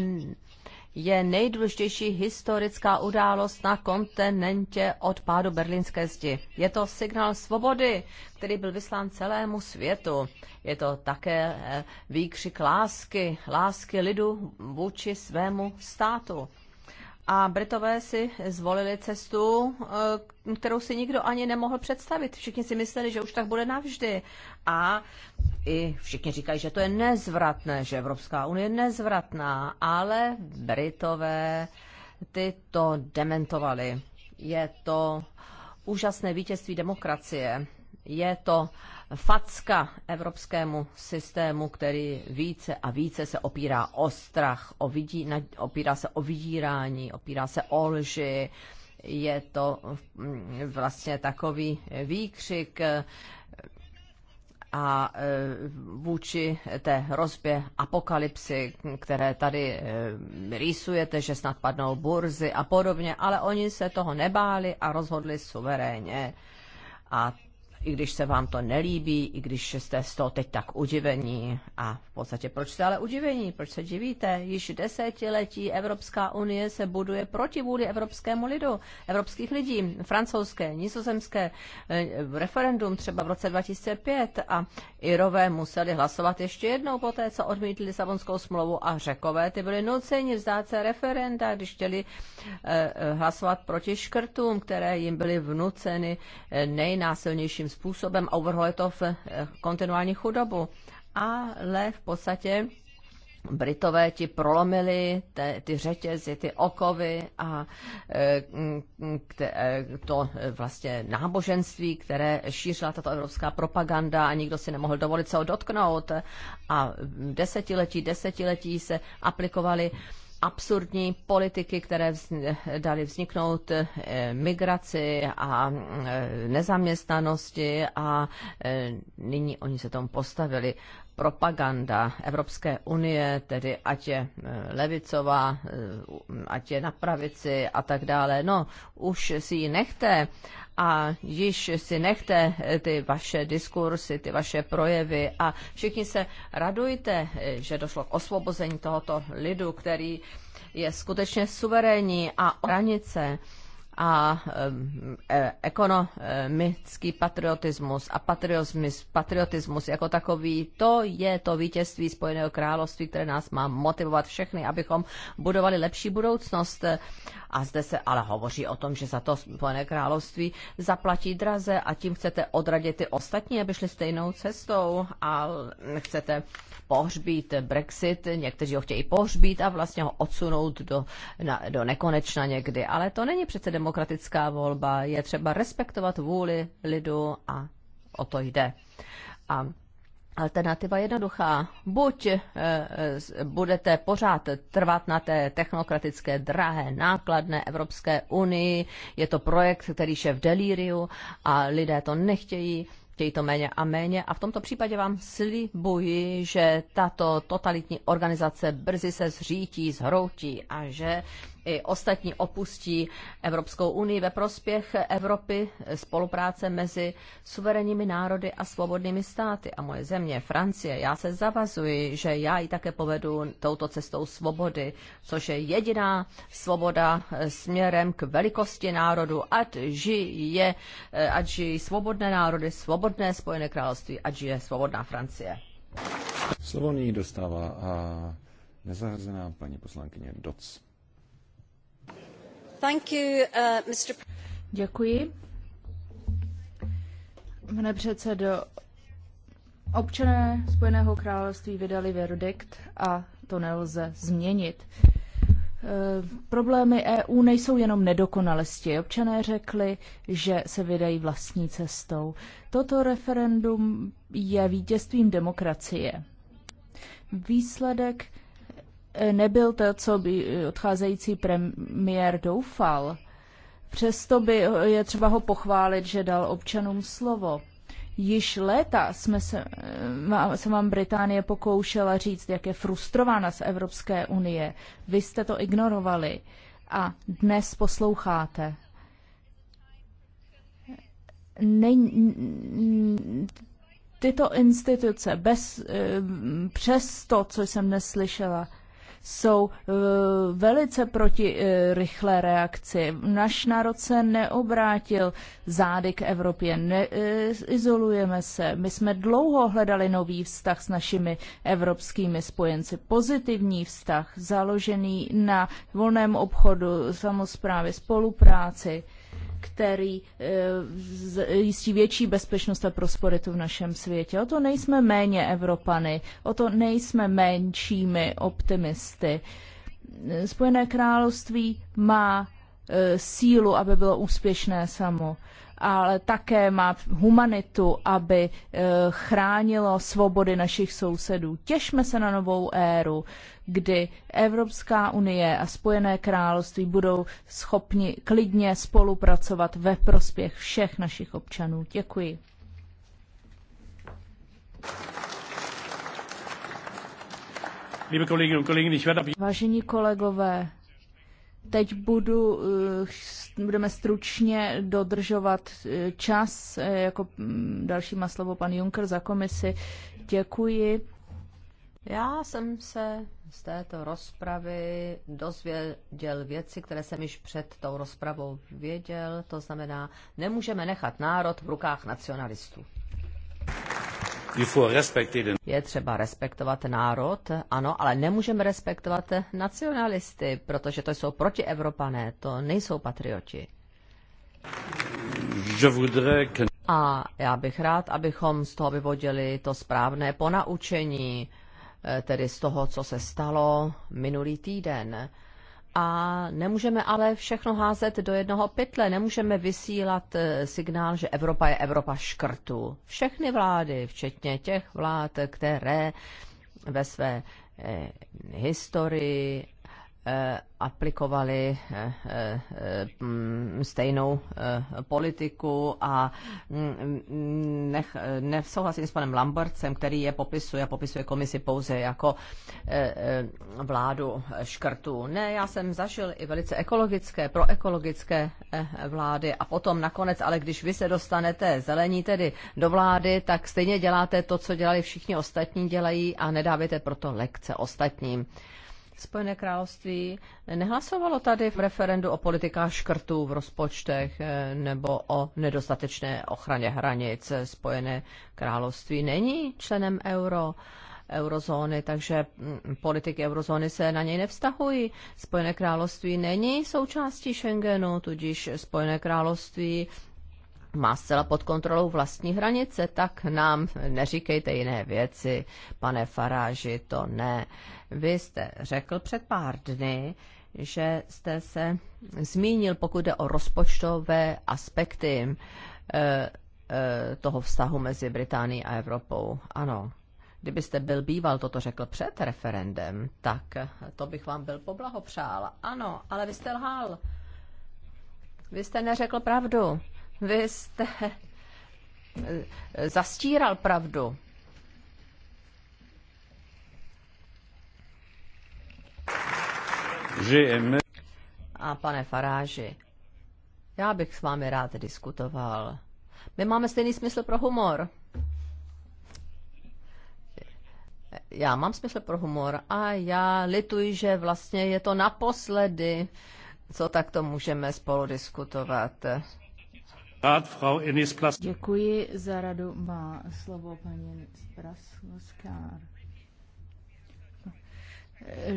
je nejdůležitější historická událost na kontinentě od pádu berlínské zdi. Je to signál svobody, který byl vyslán celému světu. Je to také eh, výkřik lásky, lásky lidu vůči svému státu. A Britové si zvolili cestu, eh, kterou si nikdo ani nemohl představit. Všichni si mysleli, že už tak bude navždy. A i všichni říkají, že to je nezvratné, že Evropská unie je nezvratná, ale Britové ty to dementovali. Je to úžasné vítězství demokracie. Je to uh, facka evropskému systému, který více a více se opírá o strach, o vidí, opírá se o vydírání, opírá se o lži. Je to mm, vlastně takový výkřik eh, a eh, vůči té hrozbě apokalypsy, které tady eh, rýsujete, že snad padnou burzy a podobně, ale oni se toho nebáli a rozhodli suverénně. A i když se vám to nelíbí, i když jste z toho teď tak udivení. A v podstatě proč jste ale udivení? Proč se divíte? Již desetiletí Evropská unie se buduje proti vůli evropskému lidu, evropských lidí, francouzské, nizozemské, eh, referendum třeba v roce 2005 a Irové museli hlasovat ještě jednou po té, co odmítli Savonskou smlouvu a Řekové ty byli nuceni vzdát se referenda, když chtěli eh, eh, hlasovat proti škrtům, které jim byly vnuceny nejnásilnějším způsobem a to v eh, kontinuální chudobu. Ale v podstatě Britové ti prolomili te, ty řetězy, ty okovy a e, to vlastně náboženství, které šířila tato evropská propaganda a nikdo si nemohl dovolit se ho dotknout. A desetiletí, desetiletí se aplikovaly absurdní politiky, které vz, dali vzniknout eh, migraci a eh, nezaměstnanosti a eh, nyní oni se tomu postavili. Propaganda Evropské unie, tedy ať je levicová, ať je na pravici a tak dále, no už si ji nechte a již si nechte eh, ty vaše diskursy, ty vaše projevy a všichni se radujte, eh, že došlo k osvobození tohoto lidu, který je skutečně suverénní a hranice a e, ekonomický patriotismus a patriotismus, patriotismus jako takový, to je to vítězství Spojeného království, které nás má motivovat všechny, abychom budovali lepší budoucnost a zde se ale hovoří o tom, že za to Spojené království zaplatí draze a tím chcete odradit ty ostatní, aby šli stejnou cestou a chcete pohřbít Brexit, někteří ho chtějí pohřbít a vlastně ho odsunout do, na, do nekonečna někdy. Ale to není přece demokratická volba, je třeba respektovat vůli lidu a o to jde. A Alternativa jednoduchá. Buď eh, budete pořád trvat na té technokratické, drahé, nákladné Evropské unii, je to projekt, který je v delíriu a lidé to nechtějí, chtějí to méně a méně. A v tomto případě vám slibuji, že tato totalitní organizace brzy se zřítí, zhroutí a že i ostatní opustí Evropskou unii ve prospěch Evropy spolupráce mezi suverénními národy a svobodnými státy. A moje země, Francie, já se zavazuji, že já ji také povedu touto cestou svobody, což je jediná svoboda eh, směrem k velikosti národu, ať žije, eh, ať žijí svobodné národy, svobodné Spojené království, ať žije svobodná Francie. Slovo nyní dostává a eh, nezahrzená paní poslankyně Doc. Uh, Pane předsedající občané Spojeného království vydali verdikt a to nelze změnit. E, problémy EU nejsou jenom nedokonalosti. Občané řekli, že se vydají vlastní cestou. Toto referendum je vítězstvím demokracie. Výsledek nebyl to, co by odcházející premiér doufal. Přesto by je třeba ho pochválit, že dal občanům slovo. Již léta jsme se, eh, se vám Británie pokoušela říct, jak je frustrována z Evropské unie. Vy jste to ignorovali a dnes posloucháte. Není, tyto instituce bez, eh, přes to, co jsem slyšela, jsou eh, velice proti eh, rychlé reakci. Naš národ se neobrátil zády k Evropě, neizolujeme eh, se. My jsme dlouho hledali nový vztah s našimi evropskými spojenci. Pozitivní vztah, založený na volném obchodu, samozprávě, spolupráci který eh, jistí větší bezpečnost a prosperitu v našem světě. O to nejsme méně Evropany, o to nejsme menšími optimisty. Spojené království má eh, sílu, aby bylo úspěšné samo ale také má humanitu, aby eh, chránilo svobody našich sousedů. Těšme se na novou éru, kdy Evropská unie a Spojené království budou schopni klidně spolupracovat ve prospěch všech našich občanů. Děkuji. Vážení kolegové, Teď budu, eh, budeme stručně dodržovat eh, čas, eh, jako mm, další má slovo pan Juncker za komisi. Děkuji. Já jsem se z této rozpravy dozvěděl věci, které jsem již před tou rozpravou věděl. To znamená, nemůžeme nechat národ v rukách nacionalistů. Je třeba respektovat národ, ano, ale nemůžeme respektovat nacionalisty, protože to jsou protievropané, to nejsou patrioti. A já bych rád, abychom z toho vyvodili to správné ponaučení, eh, tedy z toho, co se stalo minulý týden. A nemůžeme ale všechno házet do jednoho pytle, nemůžeme vysílat eh, signál, že Evropa je Evropa škrtu. Všechny vlády, včetně těch vlád, které ve své eh, historii Eh, aplikovali eh, eh, mm, stejnou politiku a mm, nesouhlasím s panem Lambertcem, který je popisuje a popisuje komisi pouze jako vládu škrtů. Ne, já jsem zažil i velice ekologické, proekologické vlády a potom nakonec, ale když vy se dostanete zelení tedy do vlády, tak stejně děláte to, co dělali všichni ostatní dělají a nedáváte proto lekce ostatním. Spojené království nehlasovalo tady v referendu o politikách škrtů v rozpočtech eh, nebo o nedostatečné ochraně hranic. Spojené království není členem euro eurozóny, takže mm, politiky eurozóny se na něj nevztahují. Spojené království není součástí Schengenu, tudíž Spojené království má zcela pod kontrolou vlastní hranice, tak nám neříkejte jiné věci, pane Faráži, to ne. Vy jste řekl před pár dny, že jste se zmínil, pokud jde o rozpočtové aspekty eh, eh, toho vztahu mezi Británií a Evropou. Ano, kdybyste byl býval toto řekl před referendem, tak to bych vám byl poblahopřál. Ano, ale vy jste lhal. Vy jste neřekl pravdu. Vy jste eh, zastíral pravdu. A pane Faráži, já bych s vámi rád diskutoval. My máme stejný smysl pro humor. Já mám smysl pro humor a já lituji, že vlastně je to naposledy, co takto můžeme spolu diskutovat. Děkuji za radu. Má slovo paní Praslovská. Eh,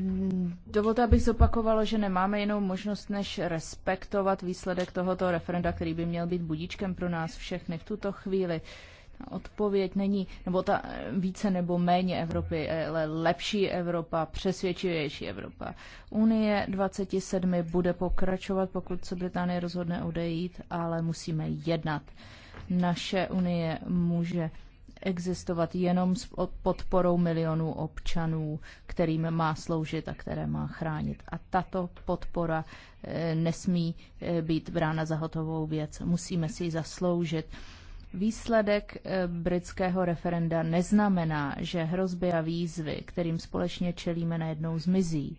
dovolte, abych zopakovala, že nemáme jinou možnost, než respektovat výsledek tohoto referenda, který by měl být budíčkem pro nás všechny v tuto chvíli. Odpověď není, nebo ta eh, více nebo méně Evropy, eh, ale lepší Evropa, přesvědčivější Evropa. Unie 27 bude pokračovat, pokud se Británie rozhodne odejít, ale musíme jednat. Naše unie může existovat jenom s podporou milionů občanů, kterým má sloužit a které má chránit. A tato podpora eh, nesmí eh, být brána za hotovou věc. Musíme si ji zasloužit. Výsledek eh, britského referenda neznamená, že hrozby a výzvy, kterým společně čelíme, najednou zmizí.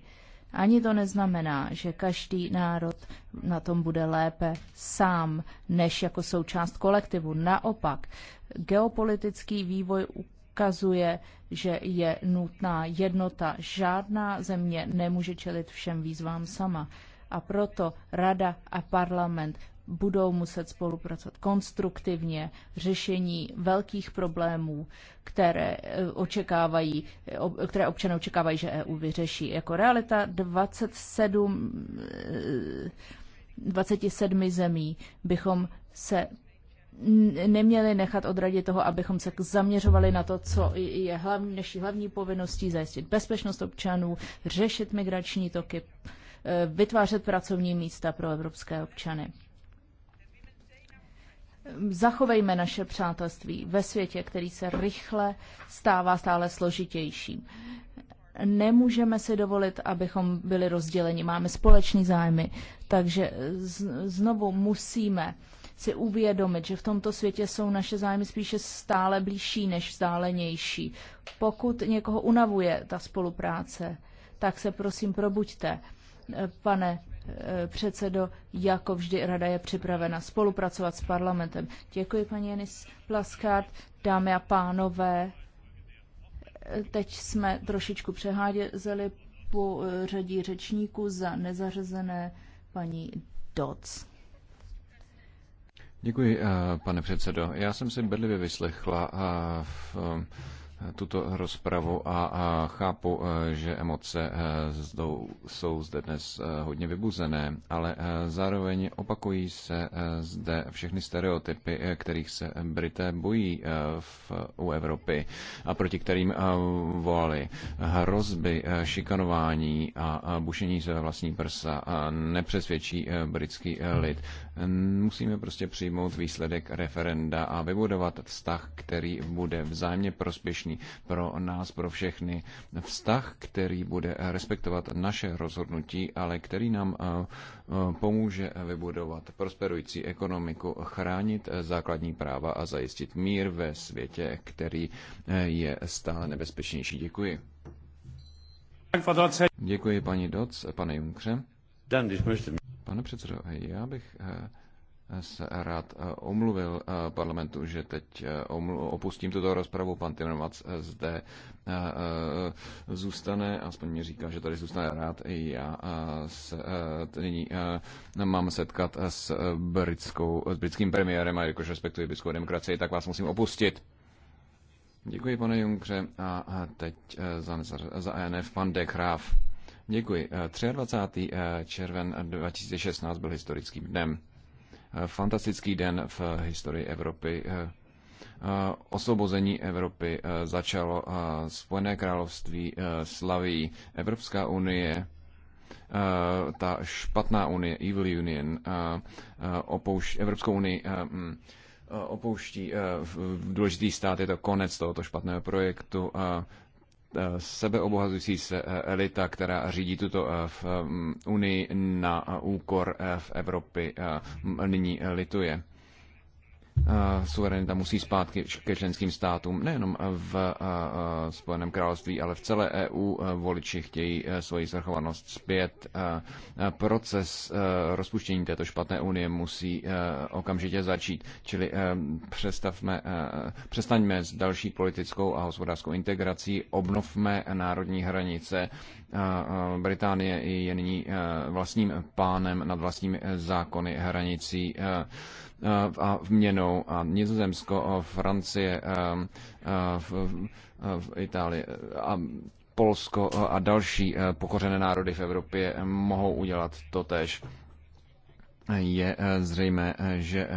Ani to neznamená, že každý národ na tom bude lépe sám, než jako součást kolektivu. Naopak, Geopolitický vývoj ukazuje, že je nutná jednota. Žádná země nemůže čelit všem výzvám sama. A proto Rada a parlament budou muset spolupracovat konstruktivně v řešení velkých problémů, které, eh, očekávají, eh, které občané očekávají, že EU vyřeší. Jako realita 27, 27 eh, zemí bychom se neměli nechat odradit toho, abychom se zaměřovali na to, co je hlavní, naší hlavní povinností zajistit bezpečnost občanů, řešit migrační toky, eh, vytvářet pracovní místa pro evropské občany. Zachovejme naše přátelství ve světě, který se rychle stává stále složitějším. Nemůžeme si dovolit, abychom byli rozděleni. Máme společné zájmy, takže znovu musíme uh, si uvědomit, že v tomto světě jsou naše zájmy spíše stále blížší než vzdálenější. Pokud někoho unavuje ta spolupráce, tak se prosím probuďte. Pane eh, předsedo, jako vždy rada je připravena spolupracovat s parlamentem. Děkuji, paní Janis Plaskart, dámy a pánové. Eh, teď jsme trošičku přeháděli po řadí řečníků za nezařazené paní Doc. Děkuji, eh, pane předsedo. Já jsem si bedlivě vyslechla eh, v eh, tuto rozpravu a chápu, že emoce jsou zde dnes hodně vybuzené, ale zároveň opakují se zde všechny stereotypy, kterých se Brité bojí v, u Evropy a proti kterým volali hrozby, šikanování a bušení se ve vlastní prsa nepřesvědčí britský lid. Musíme prostě přijmout výsledek referenda a vybudovat vztah, který bude vzájemně prospěšný pro nás, pro všechny. Vztah, který bude respektovat naše rozhodnutí, ale který nám eh, eh, pomůže vybudovat prosperující ekonomiku, chránit základní práva a zajistit mír ve světě, který eh, je stále nebezpečnější. Děkuji. Děkuji paní Doc, pane Junkře. Pane předsedo, já bych eh, se rád eh, omluvil eh, parlamentu, že teď opustím tuto rozpravu. Pan Tinovac zde zůstane, aspoň mi říká, že tady zůstane rád. I já se nyní mám setkat s, britskou, s britským premiérem a jakož respektuji britskou demokracii, tak vás musím opustit. Děkuji, pane Junkře. A teď za, za ENF pan Dekráv. Děkuji. 23. Eh, eh, červen 2016 eh, byl historickým dnem. Fantastický den v historii Evropy. Osvobození Evropy začalo Spojené království slaví Evropská unie ta špatná unie, Evil Union, opouští, Evropskou unii hm, opouští důležitý stát, je to konec tohoto špatného projektu. Eh, sebeobohazující se eh, elita, která řídí tuto eh, v mm, Unii na úkor v Evropy, nyní lituje. Eh, suverenita musí zpátky ke členským státům. Nejenom v eh, eh, Spojeném království, ale v celé EU voliči chtějí svoji svrchovanost zpět. Proces rozpuštění této špatné unie musí okamžitě začít. Čili přestavme, přestaňme s další politickou a hospodářskou integrací, obnovme národní hranice. Británie je nyní vlastním pánem nad vlastními zákony hranicí. Eh, a v měnou a Nizozemsko, eh, Francie, eh, v Itálii a Polsko a další pokořené národy v Evropě mohou udělat to tež. Je zřejmé, že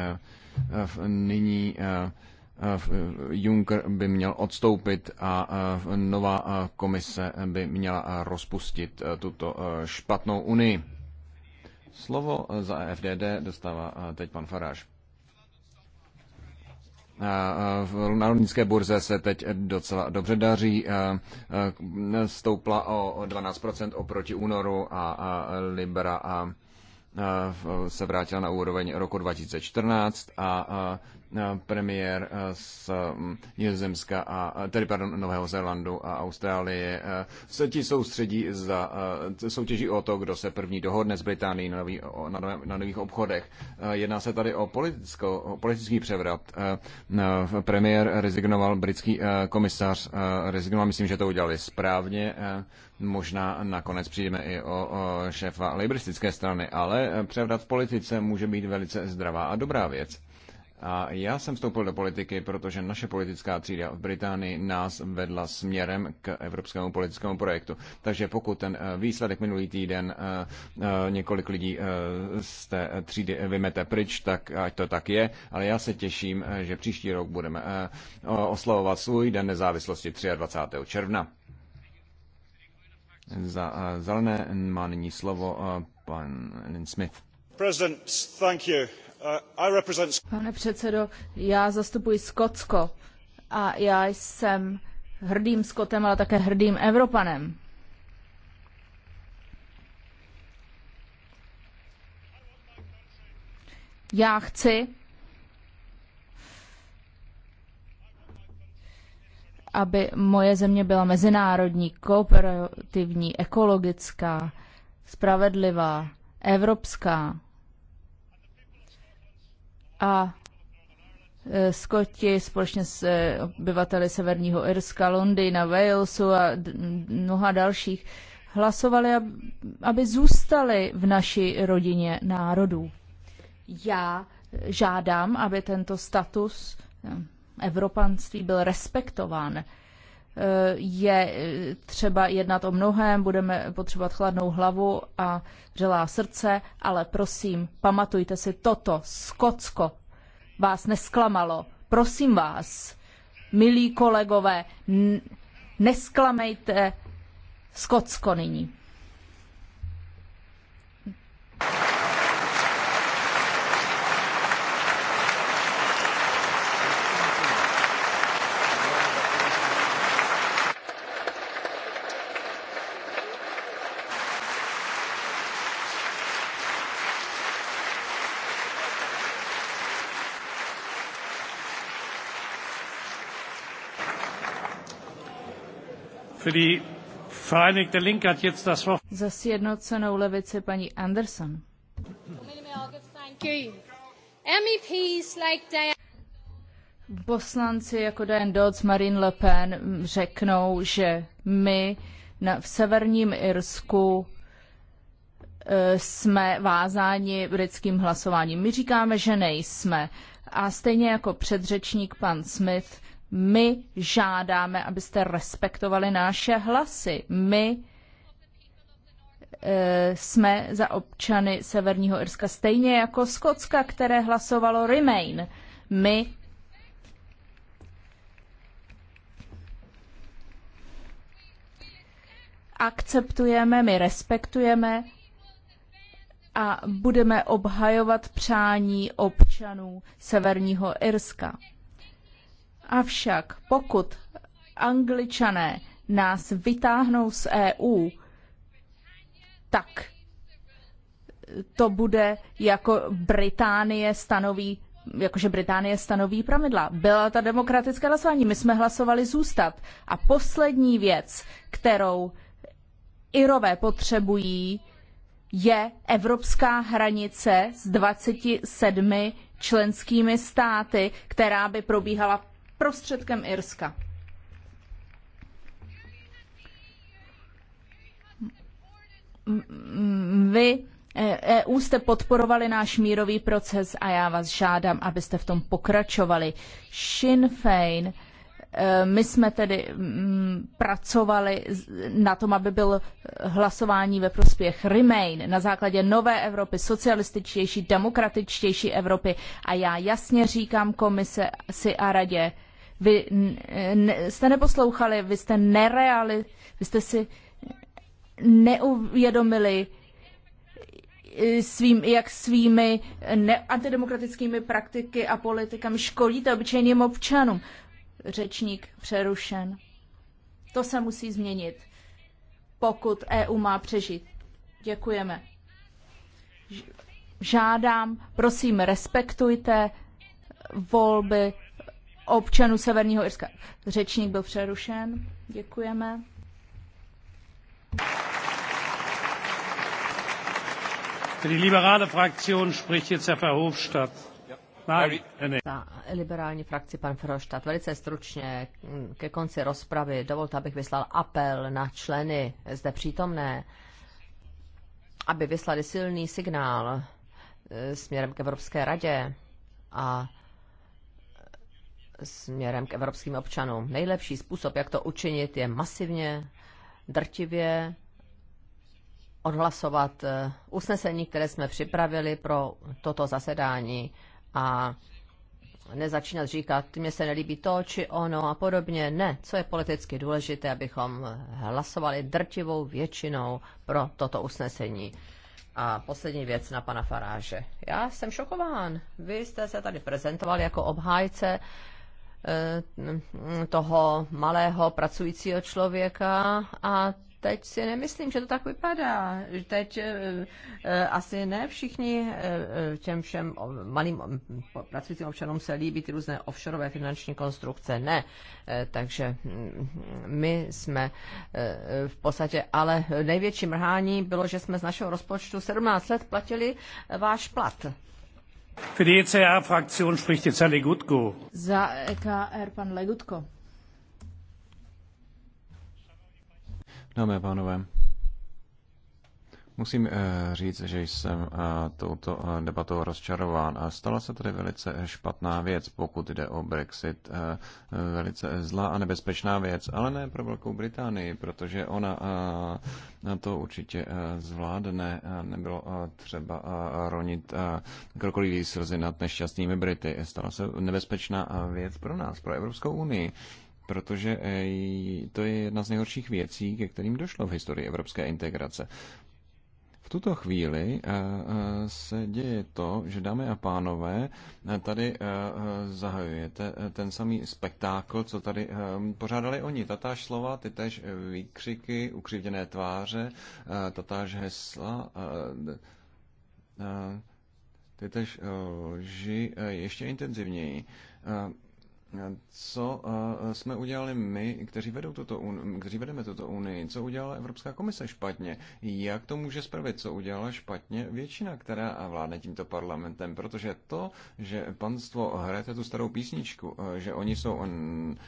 nyní Juncker by měl odstoupit a nová komise by měla rozpustit tuto špatnou unii. Slovo eh, za e FDD dostává eh, teď pan Faráš. V národnické burze se teď docela dobře daří. Eh, stoupla o 12% oproti únoru a Libra a se vrátila na úroveň roku 2014 a Eh, premiér eh, z mm, Nizozemska, a, eh, tedy pardon, Nového Zélandu a Austrálie, se ti soustředí za soutěží o to, kdo se první dohodne s Británií na, nový, na, na nových obchodech. Jedná se tady o, politicko, o politický převrat. Premiér rezignoval, britský komisař rezignoval, myslím, že to udělali správně. Možná nakonec přijdeme i o šéfa libristické strany, ale převrat v politice může být velice zdravá a dobrá věc. A já jsem vstoupil do politiky, protože naše politická třída v Británii nás vedla směrem k evropskému politickému projektu. Takže pokud ten eh, výsledek minulý týden eh, eh, několik lidí z té třídy vymete pryč, tak ať to tak je. Ale já se těším, že příští rok budeme oslavovat svůj den nezávislosti 23. června. Za zelené má nyní slovo pan Lynn Smith. President, thank you. Uh, Pane předsedo, já zastupuji Skotsko a já jsem hrdým Skotem, ale také hrdým Evropanem. Já chci, aby moje země byla mezinárodní, kooperativní, ekologická, spravedlivá, evropská a e, Skoti společně s e, obyvateli Severního Irska, Londýna, Walesu a mnoha dalších hlasovali, aby zůstali v naší rodině národů. Já žádám, aby tento status e, evropanství byl respektován. Eh, je eh, třeba jednat o mnohem, budeme potřebovat chladnou hlavu a vřelá srdce, ale prosím, pamatujte si toto, Skotsko vás nesklamalo. Prosím vás, milí kolegové, nesklamejte Skotsko nyní. Für Vereinigte Linke hat jetzt das Wort. Za sjednocenou levici paní Anderson. E Poslanci jako Diane Dodds, Marine Le Pen řeknou, že my na, v severním Irsku eh, jsme vázáni britským hlasováním. My říkáme, že nejsme. A stejně jako předřečník pan Smith, my žádáme, abyste respektovali naše hlasy. My e, jsme za občany Severního Irska stejně jako Skotska, které hlasovalo Remain. My akceptujeme, my respektujeme a budeme obhajovat přání občanů Severního Irska. Avšak pokud angličané nás vytáhnou z EU, tak to bude jako Británie stanoví, jakože Británie stanoví pravidla. Byla ta demokratické hlasování, my jsme hlasovali zůstat. A poslední věc, kterou Irové potřebují, je evropská hranice s 27 členskými státy, která by probíhala prostředkem Irska. Vy EU e jste podporovali náš mírový proces a já vás žádám, abyste v tom pokračovali. Sinn Féin, e, my jsme tedy mm, pracovali na tom, aby byl hlasování ve prospěch Remain na základě nové Evropy, socialističtější, demokratičtější Evropy a já jasně říkám komise si a radě, vy jste neposlouchali, vy jste nereali, vy jste si neuvědomili eh, svým, jak svými eh, ne- antidemokratickými praktiky a politikami školíte obyčejným občanům. Řečník přerušen. To se musí změnit, pokud EU má přežít. Děkujeme. Žádám, prosím, respektujte volby občanů Severního Irska. Řečník byl přerušen. Děkujeme. Für die liberale Fraktion spricht jetzt Herr Verhofstadt. Za liberální frakci pan Froštat. Velice stručně mm, ke konci rozpravy dovolte, abych vyslal apel na členy zde přítomné, aby vyslali silný signál e, směrem k Evropské radě a směrem k evropským občanům. Nejlepší způsob, jak to učinit, je masivně, drtivě odhlasovat eh, usnesení, které jsme připravili pro toto zasedání a nezačínat říkat, mně se nelíbí to či ono a podobně. Ne, co je politicky důležité, abychom hlasovali drtivou většinou pro toto usnesení. A poslední věc na pana Faráže. Já jsem šokován. Vy jste se tady prezentoval jako obhájce Eh, toho malého pracujícího člověka a teď si nemyslím, že to tak vypadá. Teď eh, eh, asi ne všichni těm všem malým pracujícím občanům se líbí ty různé offshoreové finanční konstrukce. Ne. Takže mm, my jsme v podstatě, ale největší mrhání bylo, že jsme z našeho rozpočtu 17 let platili váš plat. Für die ECR-Fraktion spricht jetzt Herr Legutko. Za EKR pan Legutko. Dámy a pánové, Musím eh, říct, že jsem eh, touto eh, debatou rozčarován. A stala se tady velice špatná věc, pokud jde o Brexit. Velice zlá a nebezpečná věc, ale ne pro Velkou Británii, protože ona to určitě zvládne. Nebylo třeba ronit krokodýlí slzy nad nešťastnými Brity. Stala se nebezpečná věc pro nás, pro Evropskou unii protože to je jedna z nejhorších věcí, ke kterým došlo v historii evropské integrace tuto chvíli eh, eh, se děje to, že dámy a pánové, eh, tady zahajujete ten samý spektákl, co tady pořádali oni. Tatáž slova, tež výkřiky, ukřivděné tváře, tatáž hesla, tež lži ještě intenzivněji co eh, jsme udělali my, kteří, vedou tuto, kteří vedeme tuto unii, co udělala Evropská komise špatně, jak to může spravit, co udělala špatně většina, která vládne tímto parlamentem, protože to, že panstvo hrajete tu starou písničku, eh, že oni jsou,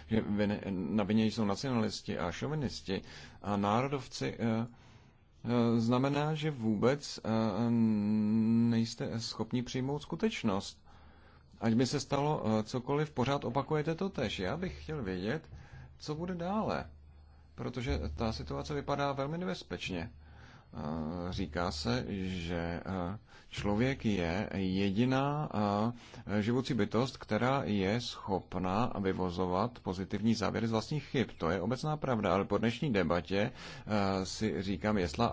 že na vině jsou nacionalisti a šovinisti a národovci, eh, znamená, že vůbec nejste schopni přijmout skutečnost. Ať by se stalo eh, cokoliv, pořád opakujete to tež. Já bych chtěl vědět, co bude dále. Protože ta situace vypadá velmi nebezpečně. Eh, říká se, že eh, člověk je jediná živoucí bytost, která je schopna vyvozovat pozitivní závěry z vlastních chyb. To je obecná pravda, ale po dnešní debatě si říkám, jestli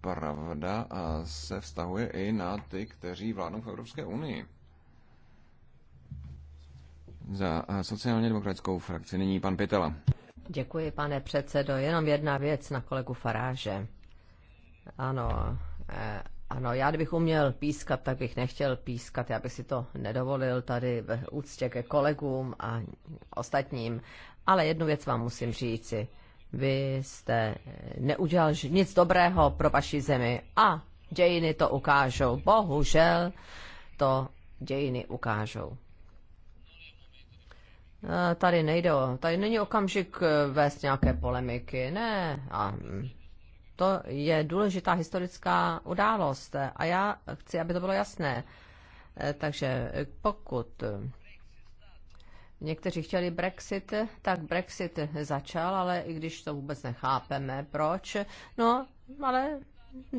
pravda se vztahuje i na ty, kteří vládnou v Evropské unii. Za eh, sociálně demokratickou frakci nyní pan Pitela. Děkuji, pane předsedo. Jenom jedna věc na kolegu Faráže. Ano, eh, ano, já kdybych uměl pískat, tak bych nechtěl pískat, já bych si to nedovolil tady v úctě ke kolegům a ostatním. Ale jednu věc vám musím říci. Vy jste neudělal nic dobrého pro vaši zemi a dějiny to ukážou. Bohužel to dějiny ukážou. Eh, tady nejde o, tady není okamžik eh, vést nějaké polemiky, ne. A mm, to je důležitá historická událost a já chci, aby to bylo jasné. Eh, takže pokud někteří chtěli Brexit, tak Brexit začal, ale i když to vůbec nechápeme, proč, no, ale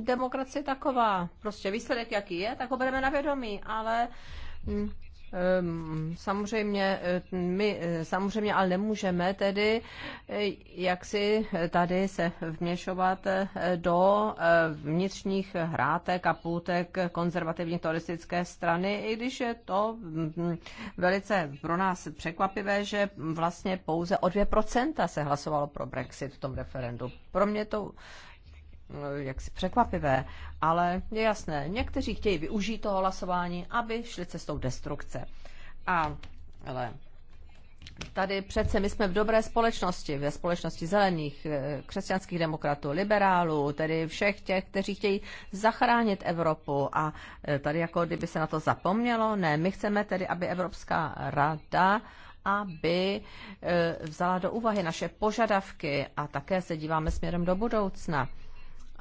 demokracie je taková. Prostě výsledek, jaký je, tak ho bereme na vědomí, ale mm, Ehm, samozřejmě, eh, my eh, samozřejmě ale nemůžeme tedy eh, jak si tady se vměšovat do vnitřních hrátek a půtek konzervativní turistické strany, i když je to mm, velice pro nás překvapivé, že vlastně pouze o 2% se hlasovalo pro Brexit v tom referendu. Pro mě to Eh, jaksi překvapivé, ale je jasné, někteří chtějí využít toho hlasování, aby šli cestou destrukce. A ale tady přece my jsme v dobré společnosti, ve společnosti zelených, eh, křesťanských demokratů, liberálů, tedy všech těch, kteří chtějí zachránit Evropu a eh, tady jako kdyby se na to zapomnělo, ne, my chceme tedy, aby Evropská rada aby vzala do úvahy naše požadavky a také se díváme směrem do budoucna.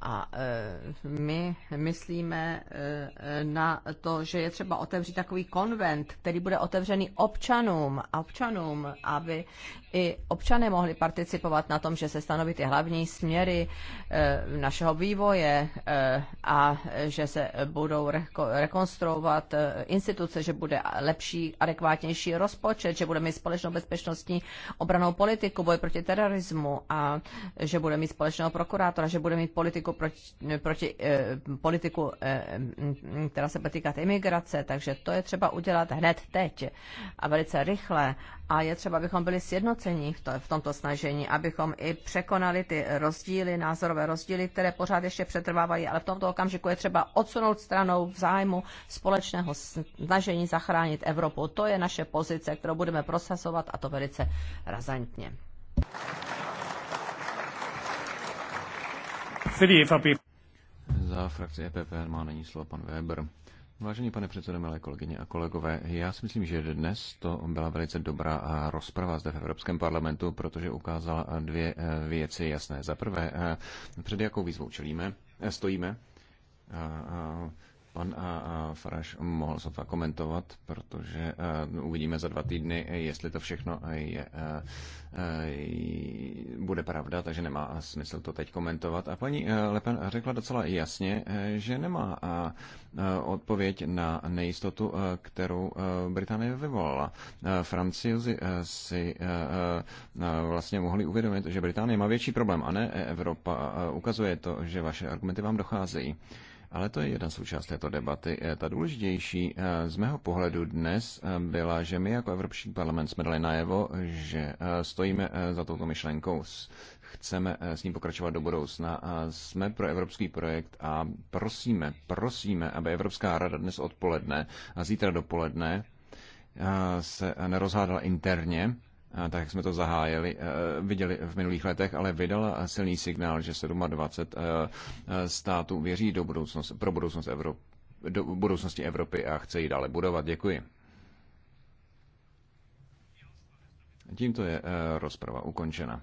A e, my myslíme e, na to, že je třeba otevřít takový konvent, který bude otevřený občanům, občanům, aby i občané mohli participovat na tom, že se stanoví ty hlavní směry eh, našeho vývoje eh, a že se budou rekonstruovat eh, instituce, že bude lepší, adekvátnější rozpočet, že bude mít společnou bezpečnostní obranou politiku, boj proti terorismu a že bude mít společného prokurátora, že bude mít politiku, proti, proti, politiku která se bude týkat imigrace, takže to je třeba udělat hned teď a velice rychle a je třeba, abychom byli sjednoceni sjednocení v, to, v tomto snažení, abychom i překonali ty rozdíly, názorové rozdíly, které pořád ještě přetrvávají, ale v tomto okamžiku je třeba odsunout stranou v zájmu společného snažení zachránit Evropu. To je naše pozice, kterou budeme prosazovat a to velice razantně. Za frakci EPP má není slovo pan Weber. Vážený pane předsedo, milé kolegyně a kolegové, já si myslím, že dnes to byla velice dobrá rozprava zde v Evropském parlamentu, protože ukázala dvě e, věci jasné. Za prvé, e, před jakou výzvou čelíme, e, stojíme. A, a, pan a Faraš mohl to komentovat, protože uvidíme za dva týdny, jestli to všechno je, bude pravda, takže nemá smysl to teď komentovat. A paní Lepen řekla docela jasně, že nemá odpověď na nejistotu, kterou Británie vyvolala. Francouzi si vlastně mohli uvědomit, že Británie má větší problém a ne Evropa. Ukazuje to, že vaše argumenty vám docházejí. Ale to je jedna součást této debaty. Eh, ta důležitější eh, z mého pohledu dnes eh, byla, že my jako Evropský parlament jsme dali najevo, že stojíme za touto myšlenkou, chceme s ním pokračovat do budoucna jsme pro evropský projekt a prosíme, prosíme, aby Evropská rada dnes odpoledne a zítra dopoledne se nerozhádala interně, tak jak jsme to zahájili, eh, viděli v minulých letech, ale vydala silný signál, že 27 eh, států věří do budoucnost, pro budoucnost Evropy, do budoucnosti Evropy a chce ji dále budovat. Děkuji. Tímto je eh, rozprava ukončena.